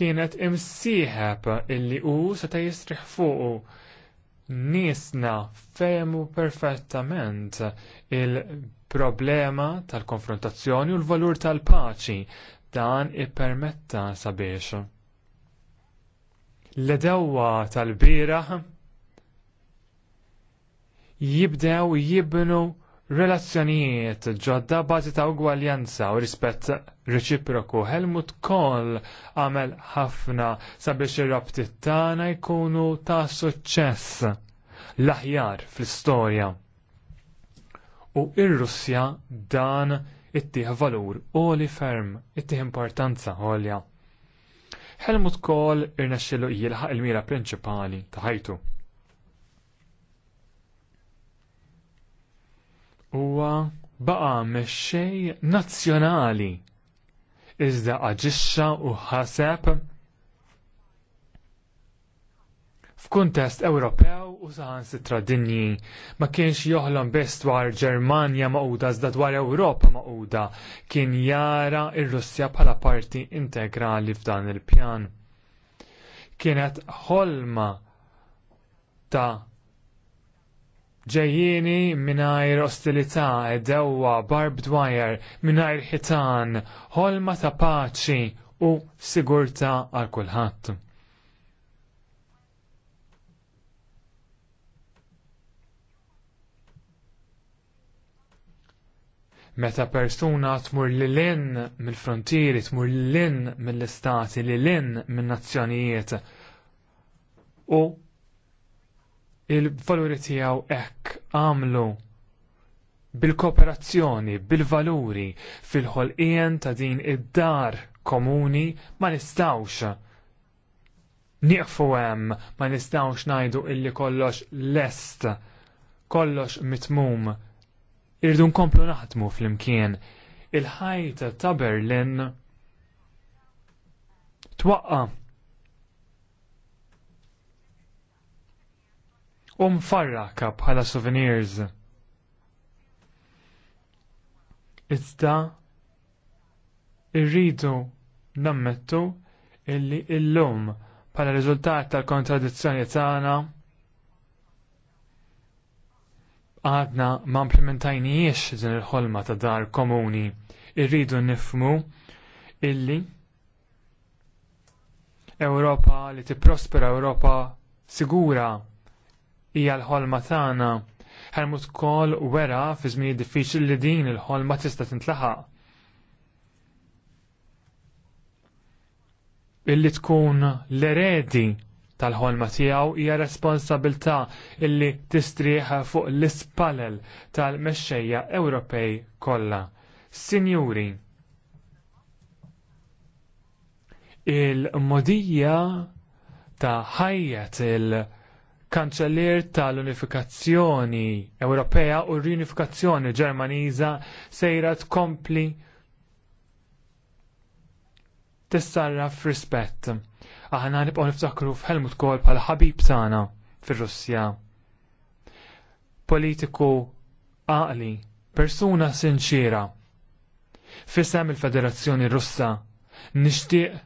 kienet imsieħeb illi hu seta' jistriħ fuqu niesna fehmu perfettament il-problema tal-konfrontazzjoni u l-valur tal-paċi dan ippermetta sabiex. L-edewwa tal-biraħ jibdew jibnu Relazzjonijiet ġodda bażi ta' ugwaljanza u rispett reċiproku Helmut Kohl għamel ħafna sabiex ir-rabtiet tagħna jkunu ta' suċċess l-aħjar fl-istorja. U ir-Russja dan ittieħ valur għoli ferm, ittieħ importanza għolja. Helmut Kohl irnexxilu jilħaq il-mira prinċipali ta' ħajtu. Huwa baqa mexxej nazzjonali iżda aġixxa u ħaseb f'kuntest Ewropew u saħansitra dinji ma kienx joħlom biss dwar Ġermanja maquda iżda dwar Ewropa maquda kien jara r russja bħala parti integrali f'dan il-pjan. Kienet ħolma ta' ġejjini mingħajr ostilità dewwa barbed wire mingħajr ħitan ħolma ta' paċi u sigurtà għal kulħadd. Meta persuna tmur lilin mill-frontieri, tmur lilin mill-istati, lilin mill-nazzjonijiet. U il-valuri tiegħu hekk għamlu bil-kooperazzjoni, bil-valuri, fil-ħolqien ta' din id-dar komuni ma nistawx nieqfu hemm, ma nistawx ngħidu illi kollox lest, kollox mitmum, Irridu nkomplu naħdmu fl-imkien. Il-ħajta ta' Berlin twaqqa. U mfarraka bħala souvenirs. Iżda irridu nammettu illi illum bħala riżultat tal-kontradizzjoni tagħna għadna ma implementajniex din il-ħolma ta' dar komuni. Irridu nifmu illi Ewropa li tipprospera Ewropa sigura hija l-ħolma tagħna. Helmut Kohl wera fi żmien diffiċli li din il-ħolma tista' tintlaħaq. Illi tkun l-eredi tal-ħolma tiegħu hija responsabilità illi tistrieħ fuq l-ispallel tal-mexxejja Ewropej kollha. Sinjuri, il-modija ta' ħajjet il-kanċellier tal-Unifikazzjoni Ewropea u r-Unifikazzjoni Ġermaniża sejra tkompli tissarraf rispett Aħna nibqgħu niftakru f'Helmut Kohl bħala ħabib tagħna fir-Russja. Politiku għaqli, persuna sinċira. Fisem il-Federazzjoni Russa nixtieq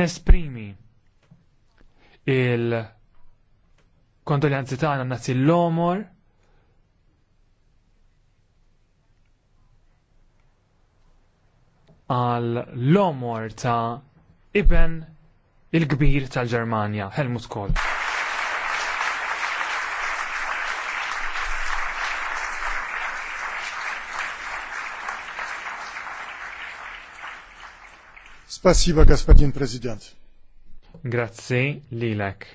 nesprimi il kondoljanzi tagħna nazi l-omor għal l-omor ta' iben il-kbir tal-Ġermanja, Helmut Kohl. Spasiba, Prezident. lilek.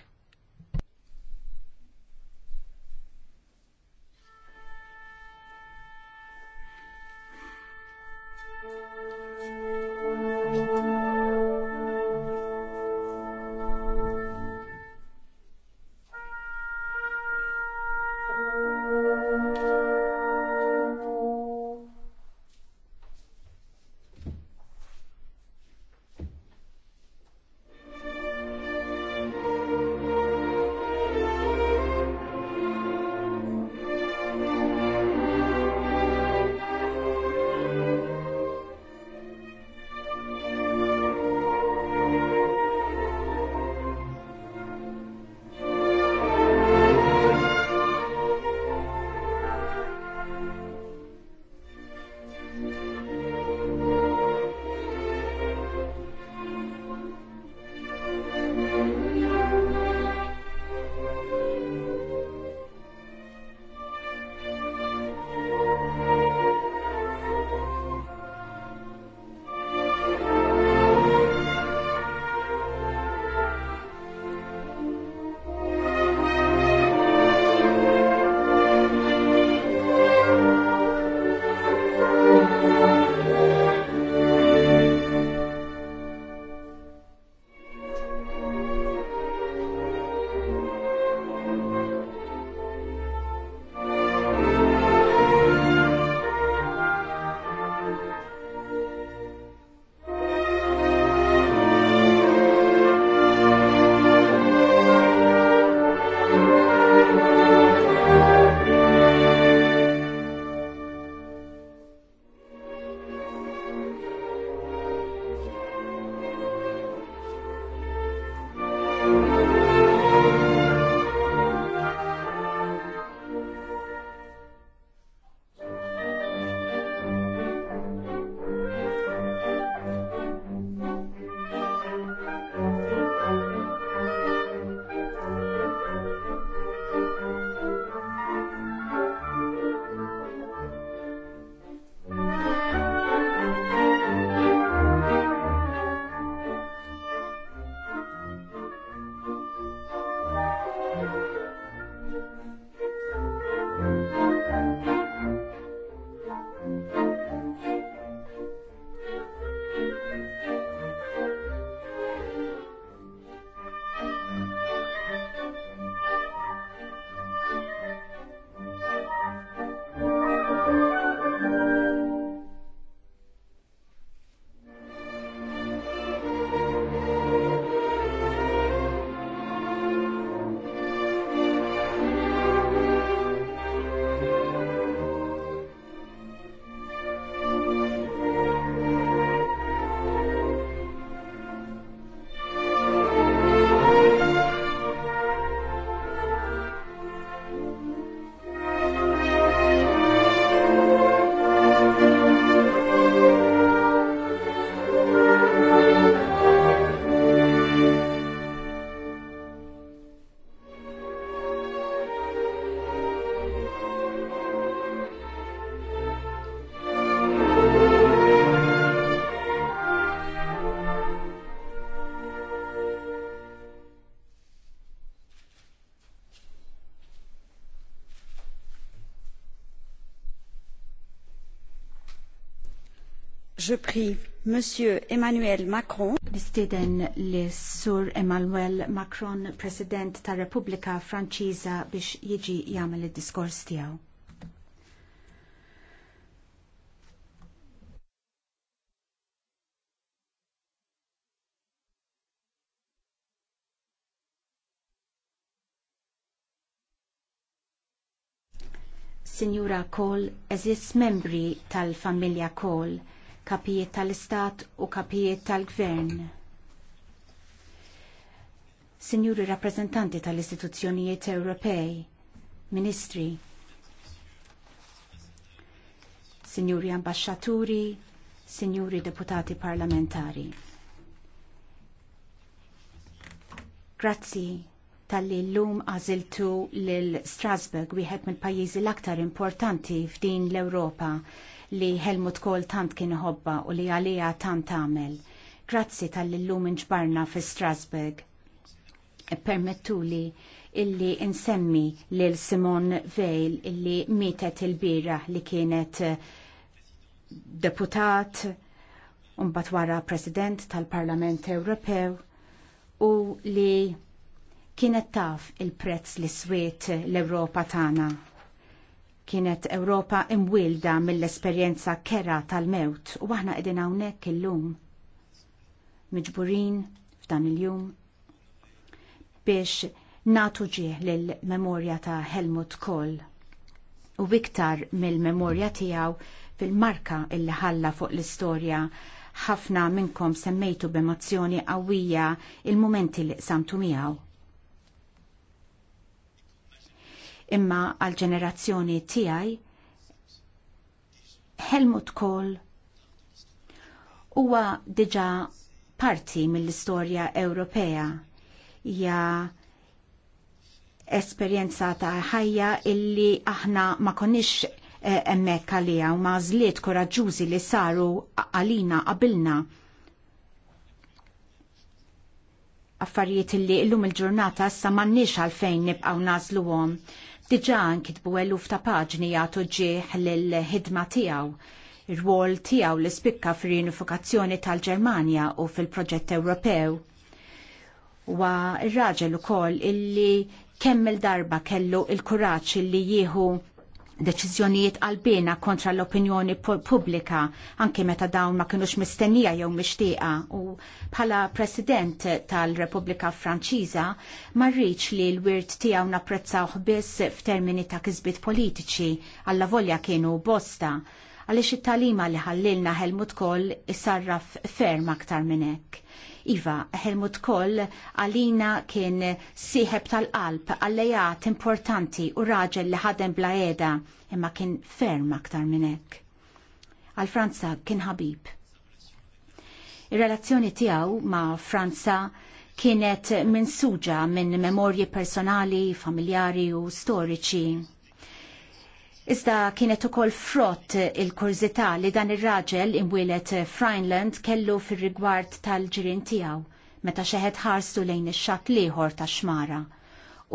Je prie Monsieur Emmanuel Macron. Nistiden li Sur Emmanuel Macron, President tar Repubblika Franċiża biex jiġi jagħmel id-diskors tiegħu. Signora Cole, eżis membri tal-familja Cole, kapijiet tal-Istat u kapijiet tal-Gvern. Signuri rappresentanti tal-istituzzjonijiet Ewropej, Ministri, Signuri Ambasċaturi, Signuri Deputati Parlamentari. Grazzi tal-li l-lum għaziltu l-Strasburg wieħed mill-pajjiżi l-aktar importanti f'din l-Ewropa li Helmut Kohl tant kien ħobba u li għalija tant għamel. Grazzi tal-li l-lum inġbarna fi Strasburg. Permettu li illi insemmi lil Simon Veil illi mietet il-bira li kienet eh, deputat un wara president tal-Parlament Ewropew u li kienet taf il-prezz li swiet l-Ewropa tagħna. Kienet Ewropa imwilda mill-esperjenza kera tal-mewt u aħna qegħdin hawnhekk illum. Miġburin f'dan il-jum biex natu ġieħ lill-memorja ta' Helmut Kohl u iktar mill-memorja tiegħu fil-marka illi ħalla fuq l-istorja ħafna minnkom semmejtu b'emozzjoni qawwija il-momenti li qsamtu miegħu imma għal ġenerazzjoni tiegħi Helmut Kohl huwa diġa parti mill-istorja Ewropea hija esperjenza ta' ħajja illi aħna ma konniex eh, emmek għalija u ma' zliet koraġġużi li saru għalina qabilna affarijiet illi illum il-ġurnata sa m'għandniex għalfejn nibqgħu nażluhom. Diġa kitbu eluf ta' paġni jagħtu ġieħ lill-ħidma tiegħu r-wol tiegħu li spikka fir-riunifikazzjoni tal-Ġermanja u fil-proġett Ewropew. Wa r-raġel ukoll illi kemm il-darba kellu il kuraċ illi jieħu deċiżjonijiet qalbina kontra l-opinjoni pubblika anke meta dawn ma kinux mistennija jew mixtieqa u bħala President tal-Repubblika Franċiża ma rridx li l-wirt tiegħu napprezzawh biss f'termini ta' kisbiet politiċi alla volja kienu bosta għaliex it-talima li ħallilna Helmut Kohl isarraf ferm aktar minn hekk. Iva, Helmut Koll, għalina kien siħeb tal-qalb, għallejat importanti u raġel li ħadem bla eda, imma kien ferm aktar minn hekk. Għal-Franza kien ħabib. Ir-relazzjoni tiegħu ma' Franza kienet minsuġa minn memorji personali, familjari u storiċi Iżda kienet ukoll frott il-kurzità li dan ir-raġel imwielet Freinland kellu fir-rigward tal-ġirien tiegħu meta xeħed ħarsu lejn ix-xatt liħor ta' xmara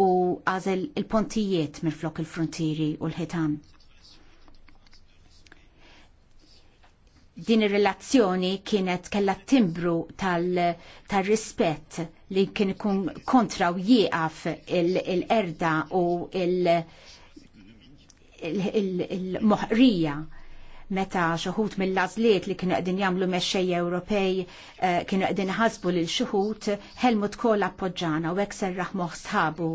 u għażel il-pontijiet minn flok il-frontieri u l-ħitan. Din ir-relazzjoni kienet kella timbru tal-rispett tal li kien ikun kontra u jieqaf il-erda il u il- il-moħrija meta xoħut mill-lazliet li kienu għedin jamlu meċċej Ewropej eh, kienu għedin ħasbu l xoħut Helmut Kohl appoġġana u ekser raħmoħ sħabu.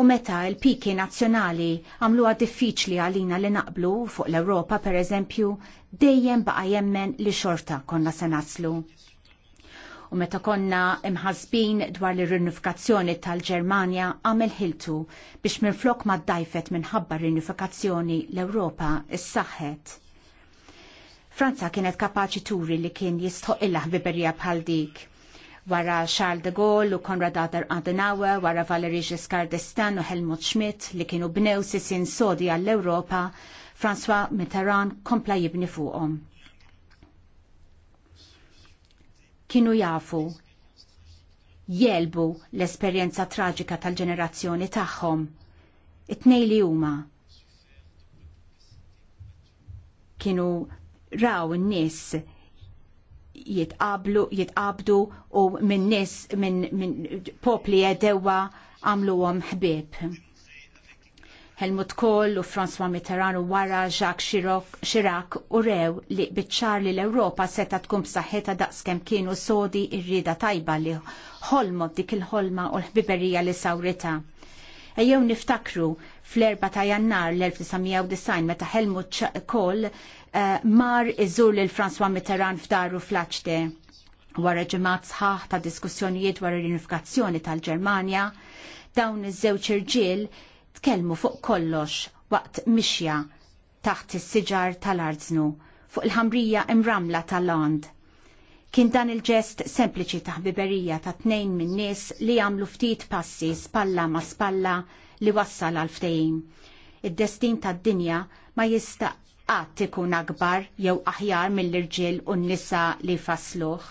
U meta il-piki nazzjonali għamluha diffiċli għalina li naqblu fuq l-Ewropa per eżempju dejjem baqa jemmen li xorta konna se naslu u meta konna imħazbin dwar l-rinifikazzjoni tal-Ġermanja għamel ħiltu biex minflok ma d-dajfet minħabba rinifikazzjoni l-Ewropa s-saħħet. Franza kienet kapaċi turi li kien jistħu illaħ biberja bħal dik wara Charles de Gaulle u Konrad Adenauer, wara Valéry Giscard d'Estaing u Helmut Schmidt li kienu bnew sisin sodi għall-Europa, François Mitterrand kompla jibni fuqhom. kienu jafu jelbu l-esperjenza traġika tal-ġenerazzjoni tagħhom. it tnejn li huma kienu raw n-nies jitqablu, jitqabdu u minn nies minn min popli edewa għamluhom ħbieb Helmut Kohl u François Mitterrand u wara Jacques Chirac u rew li bitċar li l-Europa seta tkun b'saħħetha daqskemm kienu sodi ir-rida tajba li ħolmu dik il-ħolma u l-ħbiberija li sawrita. Ejjew niftakru fl-4 ta' jannar l-1990 meta Helmut Kohl eh, mar iżur lil François Mitterrand f'daru fl-Aċte wara ġemat sħaħ ta' diskussjonijiet wara l-unifikazzjoni tal-Ġermanja, dawn iż-żewġ irġiel tkellmu fuq kollox waqt mixja taħt is-siġar tal arznu fuq il-ħamrija imramla tal-land. Kien dan il-ġest sempliċi ta' ħbiberija ta' tnejn minn nies li jagħmlu ftit passi spalla ma' spalla li wassal għal ftehim. Id-destin tad dinja ma jista' qatt ikun akbar jew aħjar mill-irġiel u n-nisa li fasluh.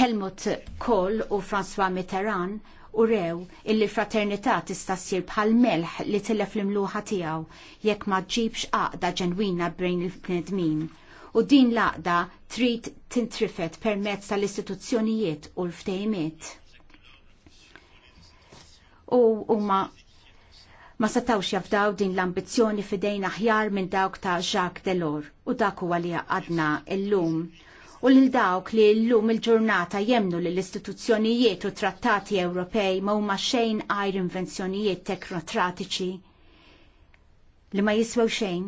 Helmut Kohl u François Mitterrand u rew illi fraternità tista' ssir bħal melħ li tilef l-imluħa tiegħu jekk ma ġibx għaqda ġenwina bejn il-bnedmin. U din l-għaqda trid tintrifet permezz tal-istituzzjonijiet u l-ftejmiet. U huma ma setawx jafdaw din l-ambizzjoni fidejna ħjar minn dawk ta' Jacques Delors u dak huwa li għadna illum. lum u lil dawk li llum il-ġurnata jemnu li l-istituzzjonijiet u trattati Ewropej ma huma xejn għajr invenzjonijiet teknotratiċi li ma jiswew xejn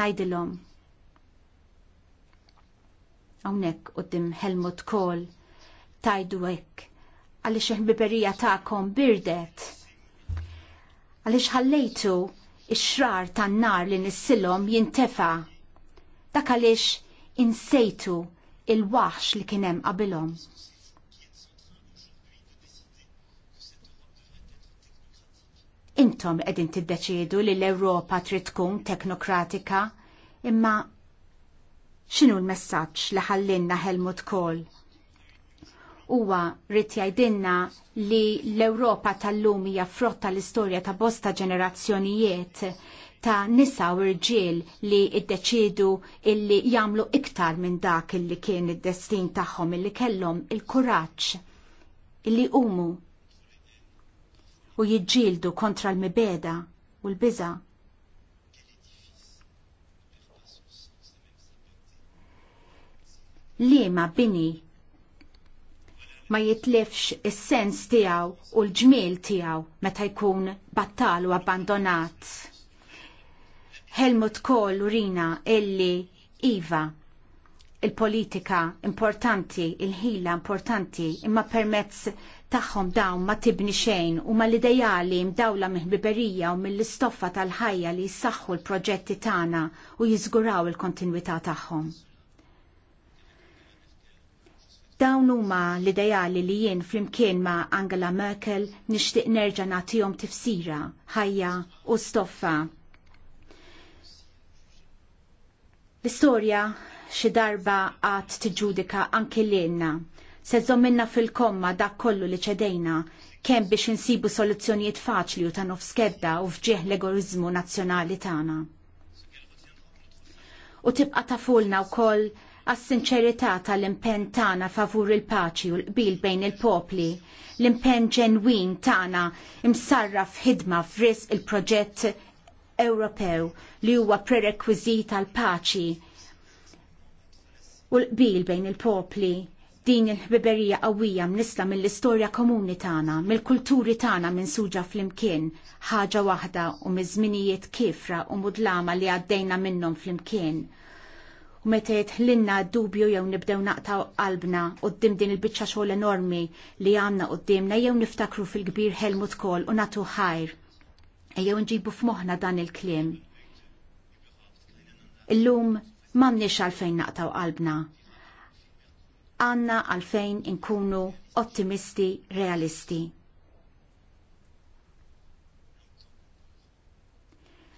ngħidilhom. Hawnhekk qudiem Helmut Kohl tajdu hekk għaliex il-biberija tagħkom birdet għaliex ħallejtu ix-xrar tan-nar li nissilhom jintefa' dak għaliex insejtu il-waħx li kienem qabilhom. Intom edin tiddeċiedu li l-Europa trid tkun teknokratika, imma xinu l-messaġġ li ħallinna Helmut Kohl? Huwa rrid jgħidilna li l-Ewropa tal-lum hija frotta l-istorja ta' bosta ġenerazzjonijiet ta' nisa u rġiel li iddeċidu illi jagħmlu iktar minn dak illi kien id-destin tagħhom illi kellhom il-kuraġġ illi umu u jiġġieldu kontra l-mibeda u l-biża' liema bini ma jitlifx is-sens tiegħu u l-ġmiel tiegħu meta jkun battal u abbandonat. Helmut Kohl urina illi Iva il-politika importanti, il-ħila importanti, imma permezz tagħhom dawn ma tibni xejn u ma l-idejali mdawla miħbiberija u mill-istoffa tal-ħajja li jissaxħu l-proġetti tagħna u jiżguraw il-kontinwità tagħhom. Dawn huma l-idejali li jien flimkien ma' Angela Merkel nixtieq nerġa' nagħtihom tifsira, ħajja u stoffa L-istorja xi darba għad tiġudika anki lilna. Se minna fil-komma dak kollu li ċedejna kemm biex insibu soluzzjonijiet faċli u ta' nofskedda u fġieħ l-egoizmu nazzjonali tagħna. U tibqa tafulna wkoll għas-sinċerità tal-impenn tagħna favur il-paċi u l-qbil bejn il-popli, l-impenn ġenwin tagħna imsarraf f'ħidma f'risq il-proġett Ewropew li huwa prerekwiżit għal paċi u l-qbil bejn il-popli din il-ħbiberija qawwija mnisla mill-istorja komuni tagħna, mill-kulturi tagħna minn suġa flimkien, ħaġa waħda u miżminijiet żminijiet kifra u mudlama li għaddejna minnhom flimkien. U meta jitħlinna dubju jew nibdew naqtaw qalbna qudiem din il-biċċa xogħol enormi li għandna qudiemna jew niftakru fil-kbir Helmut Kohl u natu ħajr Ejjew nġibu f'moħħna dan il-kliem. Illum m'għandniex għalfejn naqtaw qalbna. Għanna għalfejn inkunu ottimisti, realisti.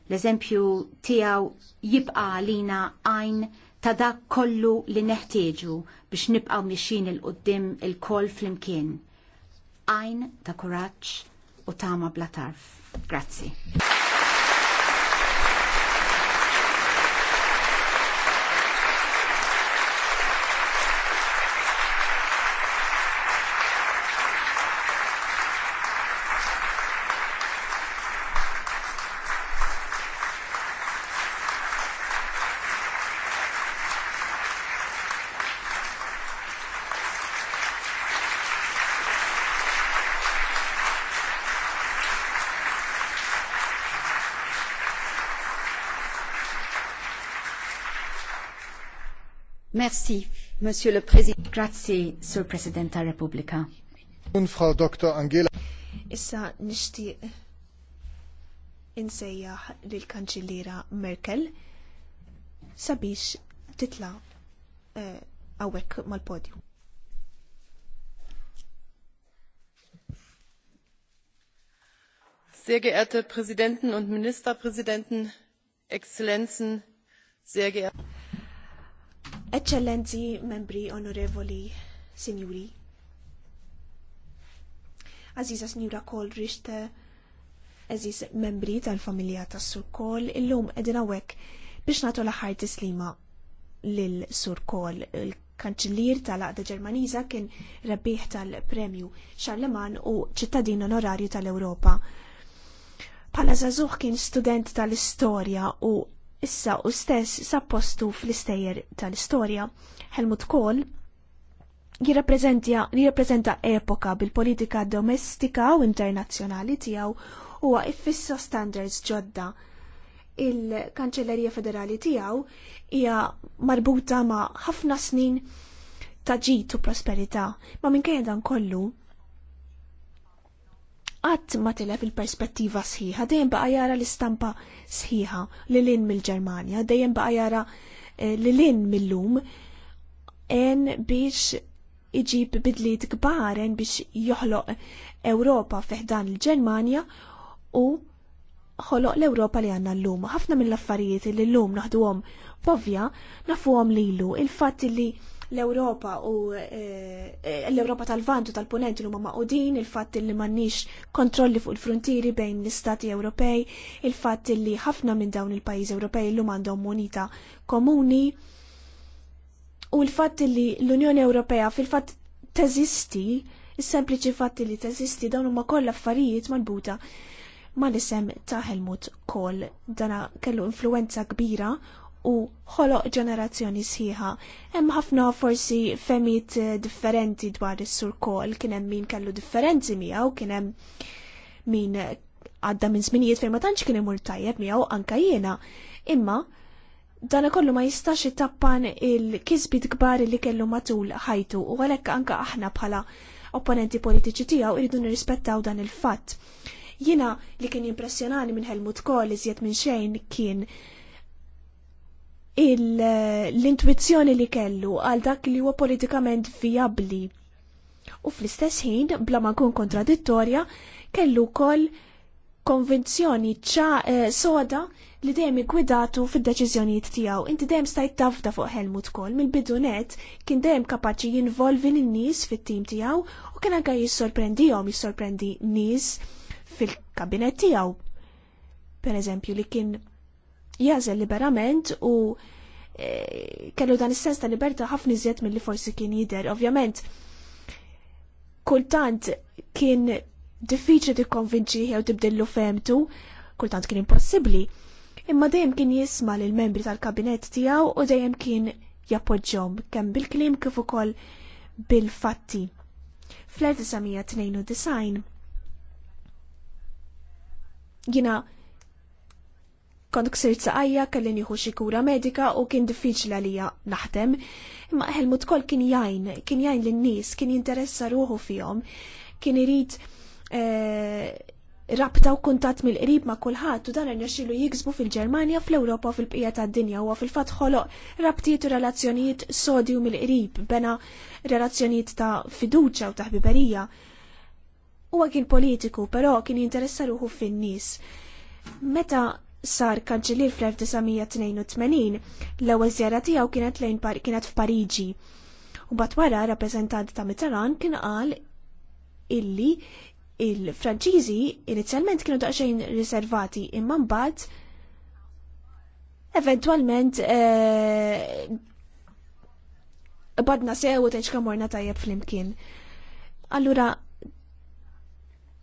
L-eżempju tiegħu jibqa' lina għajn ta' dak kollu li neħtieġu biex nibqaw mixin il-qoddim il-koll flimkien. Għajn ta' kuraġġ u tama bla tarf. Grazie. Merci, Monsieur le Président. Grazie, Sur President ta' Repubblika. Un Frau Dr. Angela. Issa nishti insejja lil kanċillira Merkel sabiex titla għawek eh, mal-podju. Sehr geehrte Präsidenten und Ministerpräsidenten, Exzellenzen, sehr geehrte Eccellenzi, membri onorevoli, signori. Aziza signora Kol Rishte, eżis membri tal-familja tas Sur Kol, illum edina wek biex natu laħar tislima lil Sur Kol. Il-kanċillir tal-Aqda Ġermaniza kien rebbieħ tal-premju Charlemagne u ċittadin onorarju tal-Europa. Pala Zazuh kien student tal-istorja u issa u stess sappostu fl-istejjer tal-istorja. Helmut Kohl jirrappreżenta epoka bil-politika domestika u internazzjonali tiegħu huwa iffissa standards ġodda. Il-Kanċellerija Federali tiegħu hija marbuta ma' ħafna snin ta' ġit u prosperità, ma' minn dan kollu qatt ma tilef il-perspettiva sħiħa, dejjem baqa jara l-istampa sħiħa li lin mill-Ġermanja, dejjem baqa jara eh, li lin mill-lum en biex iġib bidliet kbar, en biex joħloq Ewropa fiħdan il-Ġermanja u ħoloq l-Ewropa li għanna l-lum. Ħafna mill-affarijiet li l-lum naħduhom povja nafuhom lilu, il-fatt li, il l-Ewropa u eh, eh, l-Ewropa tal-Vantu tal-Punenti huma maqudin, il fat li m'għandniex kontrolli fuq il-frontieri bejn l-Istati Ewropej, il fat li ħafna minn dawn il-pajjiżi Ewropej llum għandhom monita komuni u l fat li l-Unjoni Ewropea fil-fatt teżisti, il sempliċi fatti li teżisti dawn huma kollha affarijiet marbuta l isem ta' Helmut Kohl dana kellu influenza kbira u ħoloq ġenerazzjoni sħiħa. Hemm ħafna forsi femit eh, differenti dwar is-sur kol, kien hemm min kellu differenzi miegħu, kien hemm min għadda minn żminijiet fejn ma tantx kien imur tajjeb miegħu anke jiena. Imma dan kollu ma jistax ittappan il-kisbit kbar li kellu matul ħajtu u għalhekk anke aħna bħala opponenti politiċi tiegħu iridu nirrispettaw dan il-fatt. Jiena li kien impressjonani minn Helmut Kohl iżjed minn xejn kien l-intwizzjoni li kellu għal dak li huwa politikament viabli. U fl-istess ħin, bla ma kun kontradittorja, kellu kol konvinzjoni ċa eh, soda li dejjem gwidatu fid-deċiżjonijiet tiegħu. Inti dejjem stajt tafda fuq Helmut Kohl mill-bidunet kien dejjem kapaċi jinvolvi lin-nies fit-tim tiegħu u kien anke jissorprendihom jissorprendi nies fil-kabinet tiegħu. Per eżempju li kien jażel liberament u e, kellu dan is-sens ta' libertà ħafna iżjed milli forsi kien jidher. Ovvjament, kultant kien diffiċli tikkonvinċi jew tibdillu femtu, kultant kien impossibbli, imma dejjem kien jisma' lil membri tal-kabinett tiegħu u dejjem kien jappoġġhom kemm bil-kliem kif ukoll bil-fatti. Fl-1992 jina kont ksirt saqajja kelli nieħu xi kura medika u kien diffiċli għalija naħdem. Imma Helmut kol kien jgħin, kien jgħin lin-nies, kien jinteressa ruħu fihom, kien irid eh, rabta u kuntat mill-qrib ma' kulħadd u dan irnexxielu jiksbu fil-Ġermanja, fl-Ewropa u fil-bqija tad-dinja huwa fil-fatt ħoloq rabtiet u relazzjonijiet sodju mill-qrib, bena relazzjonijiet ta' fiduċja u ta' ħbiberija. Huwa kien politiku, però kien jinteressa ruħu fin-nies. Meta sar kanċilir fl-1982 l-ewwel żjara tiegħu kienet lejn kienet f'Pariġi. U bat wara rappreżentant ta' Mitterrand kien qal illi il-Franċiżi inizjalment kienu daqsxejn riservati imma mbagħad eventwalment eh, badna sew u kemm morna tajjeb flimkien. Allura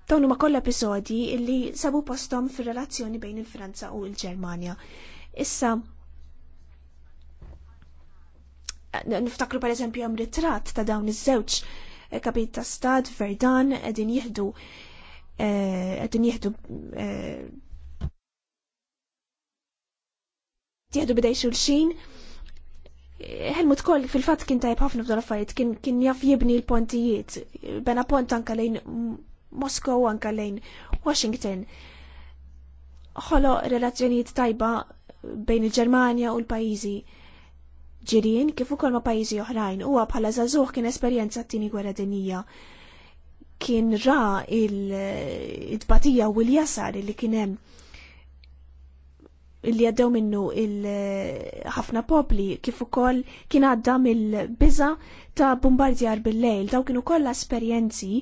Dawn huma kollha episodji li sabu postom fir-relazzjoni bejn il-Franza u l-Ġermanja. Issa niftakru per eżempju hemm ritratt ta' dawn iż-żewġ eh, kapit ta' stad Verdan qegħdin jieħdu eh, qegħdin jieħdu eh, jieħdu bidej xulxin. Helmut Koll fil-fatt kien tajb ħafna f'dan affarijiet kien jaf jibni l-pontijiet, bena pont anke lejn Moskow anka lejn Washington. Ħolo relazzjonijiet tajba bejn il-Ġermanja u l-pajjiżi ġirien kif ukoll ma' pajjiżi oħrajn huwa bħala żagħżugħ kien esperjenza t-tieni gwerra dinjija. Kien ra il-tbatija u l-jasar li kien hemm li għaddew minnu il-ħafna popli kif ukoll kien għadda mill-biża ta' bombardjar bil-lejl daw kienu kollha esperjenzi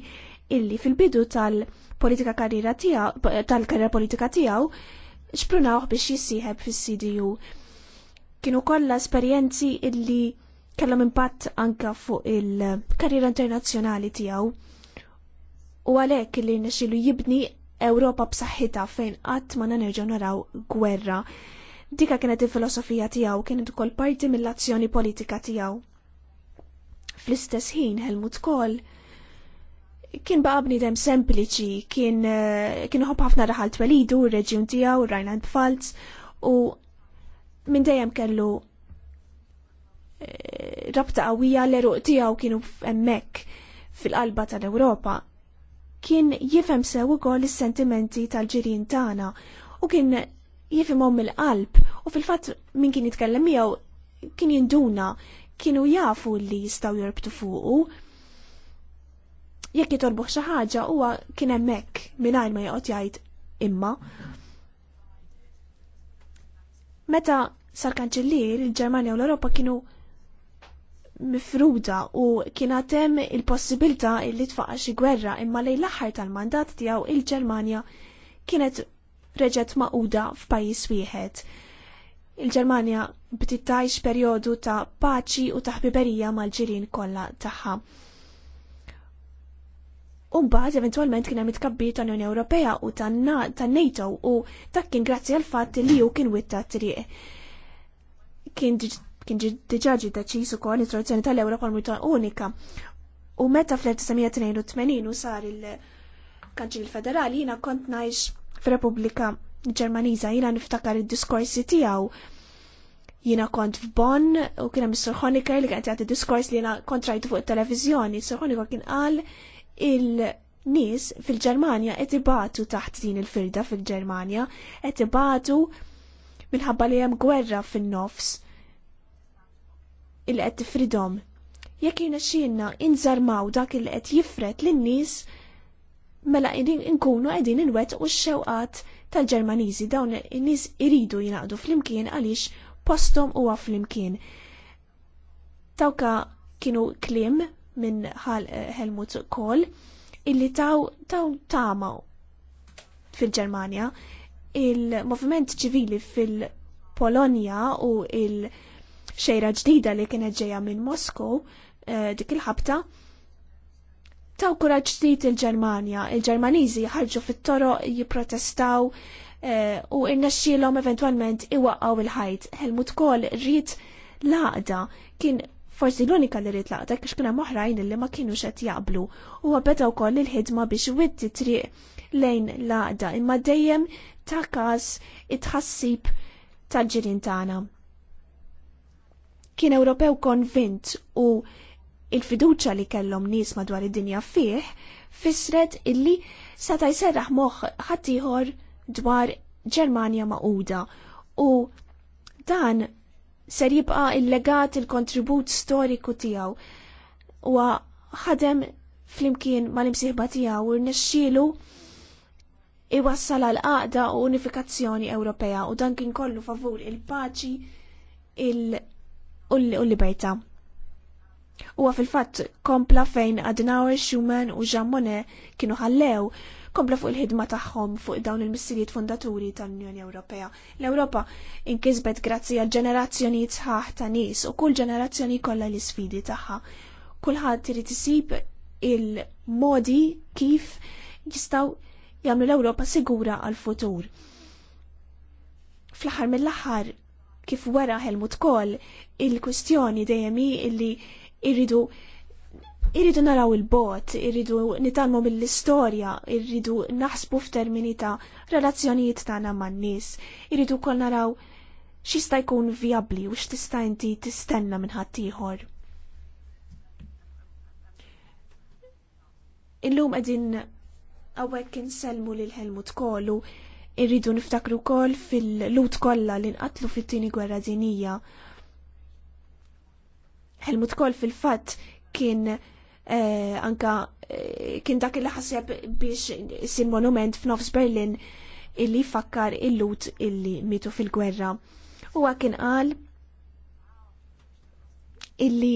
illi fil-bidu tal-politika karriera tiegħu tal-karriera politika tiegħu xprunaw biex jissieħeb fis-CDU. Kienu kollha esperjenzi illi kellhom impatt anke fuq il-karriera internazzjonali tiegħu. U għalhekk li nexilu jibni Ewropa b'saħħitha fejn qatt ma nerġgħu naraw gwerra. Dika kienet il-filosofija tiegħu kienet ukoll parti mill-azzjoni politika tiegħu. Fl-istess ħin Helmut Kohl kien baqa bnidem sempliċi, kien eh, kien ħob ħafna raħal twelidu, reġjun tiegħu, Rajnland Pfalz u minn dejjem kellu eh, rabta qawwija l-eruq tiegħu kienu hemmhekk fil-qalba tal-Ewropa. Kien jifhem sew ukoll is-sentimenti tal-ġirien tagħna u kien jifhimhom mill-qalb u fil-fatt min kien jitkellem miegħu kien jinduna kienu jafu li jistgħu jorbtu fuqu jekk jitolbuh xi ħaġa huwa kien hemmhekk mingħajr ma joqgħod jgħid imma. Meta sar kanċellier il-Ġermanja u l-Ewropa kienu mifruda u kien hemm il-possibilità li tfaqa xi gwerra imma lejn l-aħħar tal-mandat tiegħu il-Ġermanja kienet reġgħet maquda f'pajjiż wieħed. Il-Ġermanja tgħix perjodu ta' paċi u taħbiberija mal-ġirien kollha tagħha. U mbagħad eventwalment kien hemm it kabbir tal-Unjoni Ewropea u tan-NATO u dak kien grazzi għal fatt li hu kien witta triq. Kien diġà ġi deċiż ukoll l-introduzzjoni tal-Ewropa l-Mutan Unika. U meta fl-1982 u sar il-Kanċil Federali jiena kont f f'Repubblika Ġermaniża jiena niftakar id-diskorsi tiegħu jina kont f'Bonn u kien hemm Sir Honecker li kien qed diskors li jiena kontrajtu fuq it televizjoni Sir Honecker kien qal il-nies fil-Ġermanja qed taħt din il-firda fil-Ġermanja qed ibatu minħabba li hemm gwerra fin-nofs il qed tifridhom. Jekk jirnexxielna inżarmaw dak il qed jifret lin-nies mela inkunu qegħdin u x-xewqat tal-Ġermaniżi dawn in-nies iridu jingħaqdu flimkien għaliex postom huwa flimkien. Tawka kienu klim minn eh, Helmut Kohl illi taw taw tama fil-Ġermanja il-moviment ċivili fil-Polonja u il-xejra ġdida li kienet ġeja minn Moskow eh, dik il-ħabta taw kuraġġ ġdid il-Ġermanja. Il-Ġermaniżi ħarġu fit-toro jipprotestaw eh, u irnexxielhom eventwalment iwaqgħu il-ħajt. Helmut Kohl rrit laqda kien Forsi l-unika li ritlaqtek kiex kien hemm li ma kienu qed jaqblu u u wkoll il-ħidma biex witti triq lejn l-għaqda imma dejjem ta' każ itħassib ħassib tal-ġirien tagħna. Kien Ewropew konvint u il-fiduċa li kellhom nies madwar id-dinja fih fisret illi seta' jserraħ moħħ ħaddieħor dwar Ġermanja maquda u dan ser jibqa il-legat il-kontribut storiku tijaw u ħadem flimkien ma l tiegħu tijaw u rnexxielu iwassal għal qaqda u unifikazzjoni Ewropea u dan kien kollu favur il-paċi u l-libertà. Huwa fil-fatt kompla fejn Adenauer, Schumann u Jean Monnet kienu ħallew kompla fuq il-ħidma tagħhom fuq dawn il missijiet fondaturi tal-Unjoni Ewropea. L-Ewropa inkisbet grazzi għal ġenerazzjoni sħaħ ta' nies u kull ġenerazzjoni kollha l-isfidi tagħha. Kulħadd irid isib il-modi kif jistgħu jagħmlu l-Ewropa sigura għal-futur. Fl-aħħar mill-aħħar kif wara Helmut Kohl, il-kwestjoni dejjem illi irridu Irridu naraw il-bot, irridu nitalmu mill-istorja, irridu naħsbu f'termini ta' relazzjonijiet tagħna man-nies, irridu kol naraw x'ista' jkun vjabbli u x'tista' inti tistenna minn ħaddieħor. Illum qegħdin hawnhekk inselmu lil Helmut Kollu irridu niftakru kol fil-lut kollha li nqatlu fit-tieni gwerra dinija. Helmut Koll fil-fatt kien Eh, anka eh, kien dak li ħaseb biex sin monument f'Nofs Berlin illi fakkar il-lut illi mitu fil-gwerra. Huwa kien qal illi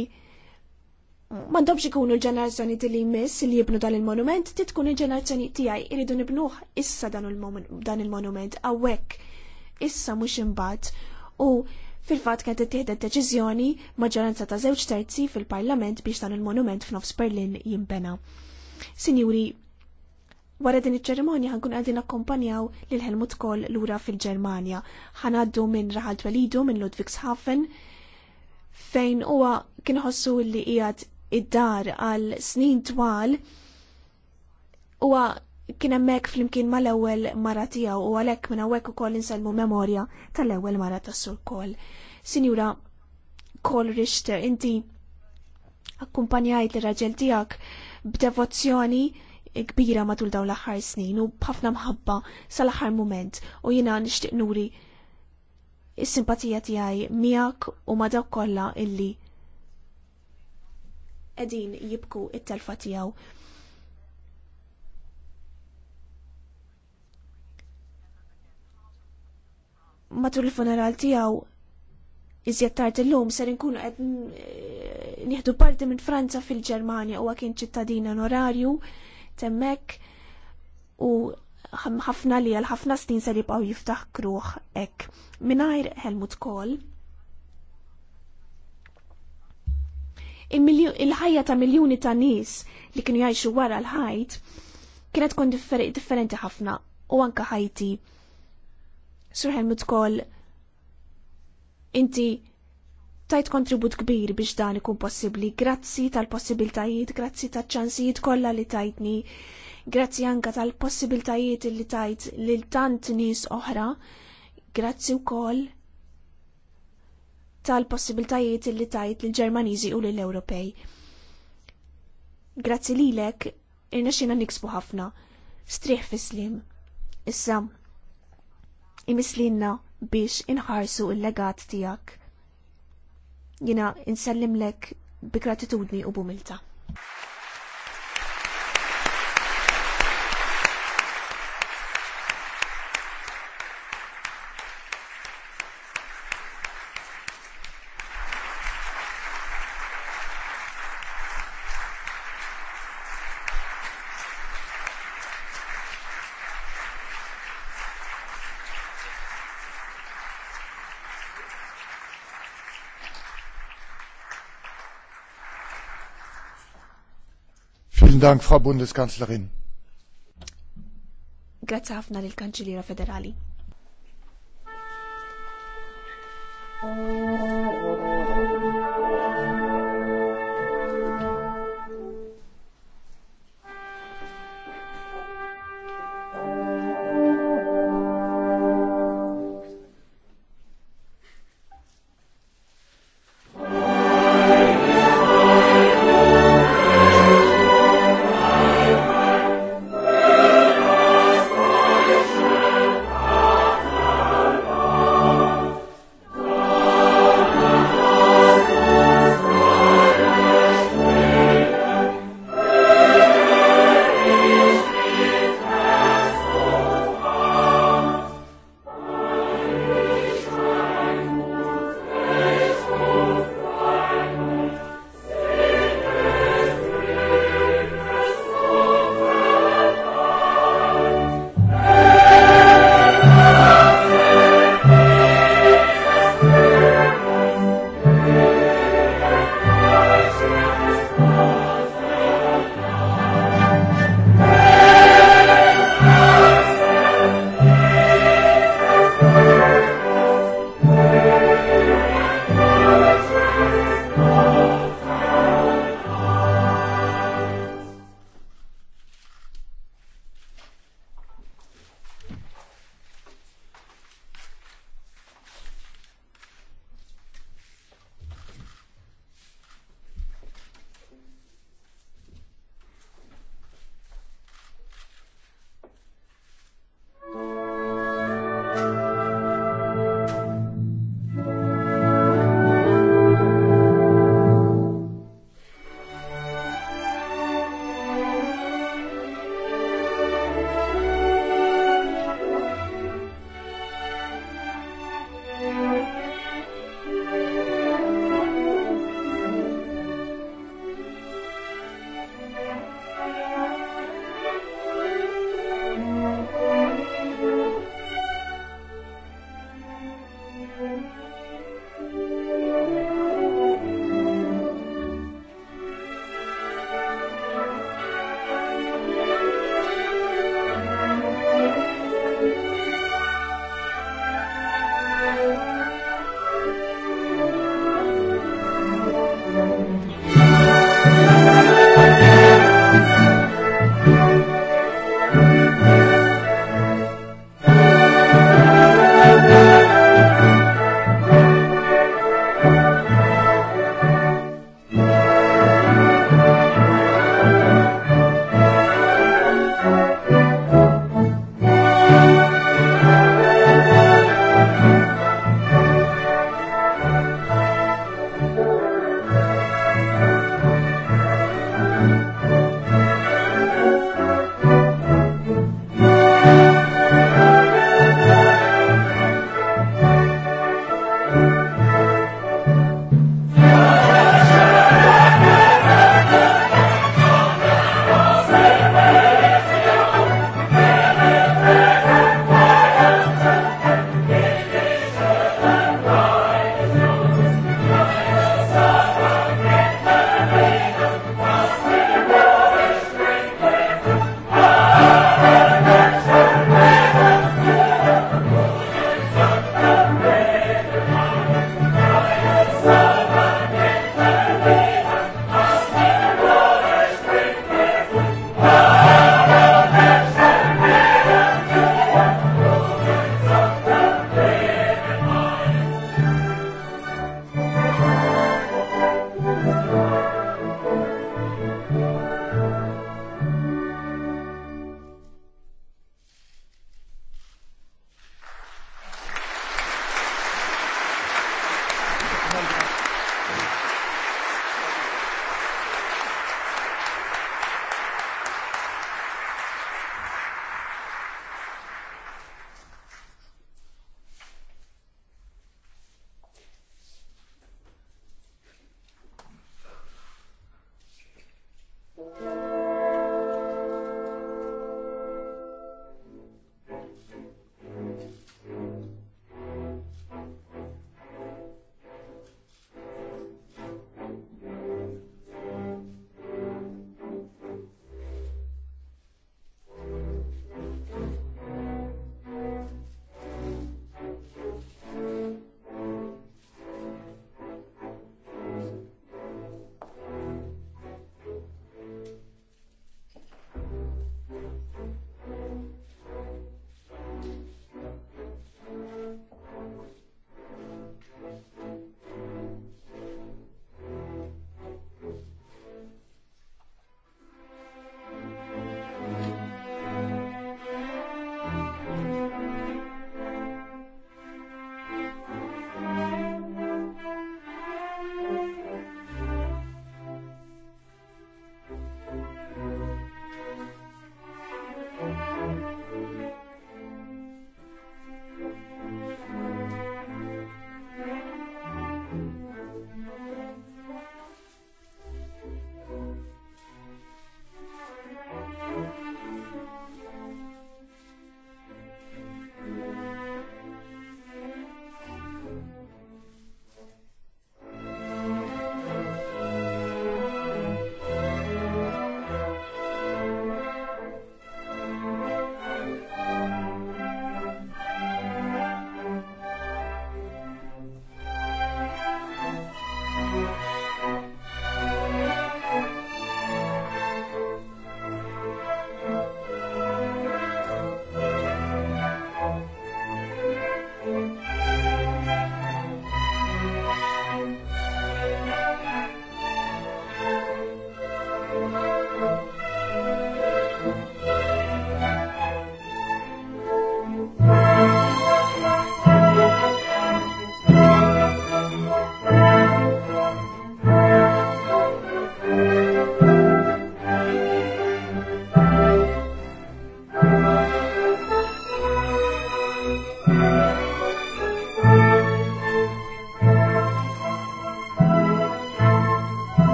m'għandhomx ikunu l-ġenerazzjoni li jmiss li jibnu dan il-monument, titkun tkun il-ġenerazzjoni tiegħi iridu nibnuh issa dan il-monument hawnhekk issa mhux imbagħad u Fil-fatt kienet ittieħdet deċiżjoni maġġoranza ta' żewġ terzi fil-Parlament biex dan il-monument f'nofs Berlin jimbena. Sinjuri, Wara din iċ-ċerimonja ħankun għadin akkompanjaw lil Helmut Kohl lura fil-Ġermanja. Ħanaddu minn Raħal Twelidu minn Ludwigshafen fejn huwa kien ħossu li qiegħed id-dar għal snin twal huwa kien hemmhekk flimkien mal-ewwel mara tiegħu u għalhekk minn hawnhekk ukoll insellmu memorja tal-ewwel mara tas-sur Kol. Sinjura Kol Richter, inti akkumpanjajt ir-raġel tiegħek b'devozzjoni kbira matul dawn l-aħħar snin u b'ħafna mħabba sal-aħħar mument u jiena nixtieq nuri is-simpatija tiegħi miegħek u ma dawk kollha illi qegħdin jibku it-telfa tiegħu matul il-funeral tiegħu iżjed tard illum ser inkunu qed nieħdu parti minn Franza fil-Ġermanja u kien ċittadin onorarju temmek u ħafna li għal ħafna snin ser jibqgħu jiftaħ kruħ hekk. Mingħajr Helmut Kohl il-ħajja ta' miljuni ta' nies li kienu jgħixu wara l-ħajt kienet tkun differenti ħafna u anka ħajti Sur Helmut Kohl, inti tajt kontribut kbir biex dan ikun possibbli. Grazzi tal-possibiltajiet, grazzi tal-ċansijiet kollha li tajtni, grazzi anka tal-possibiltajiet li tajt lil tant nies oħra, grazzi wkoll tal-possibiltajiet li tajt lil ġermaniżi u lill ewropej Grazzi lilek, irnexxina niksbu ħafna. Strieħ fislim. Issa, imislinna biex inħarsu il-legat tijak. Jina insellimlek bi gratitudni u bumilta. Vielen Dank, Frau Bundeskanzlerin. Grazie ħafna lil kanċiliera Federali. Oh.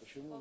Почему?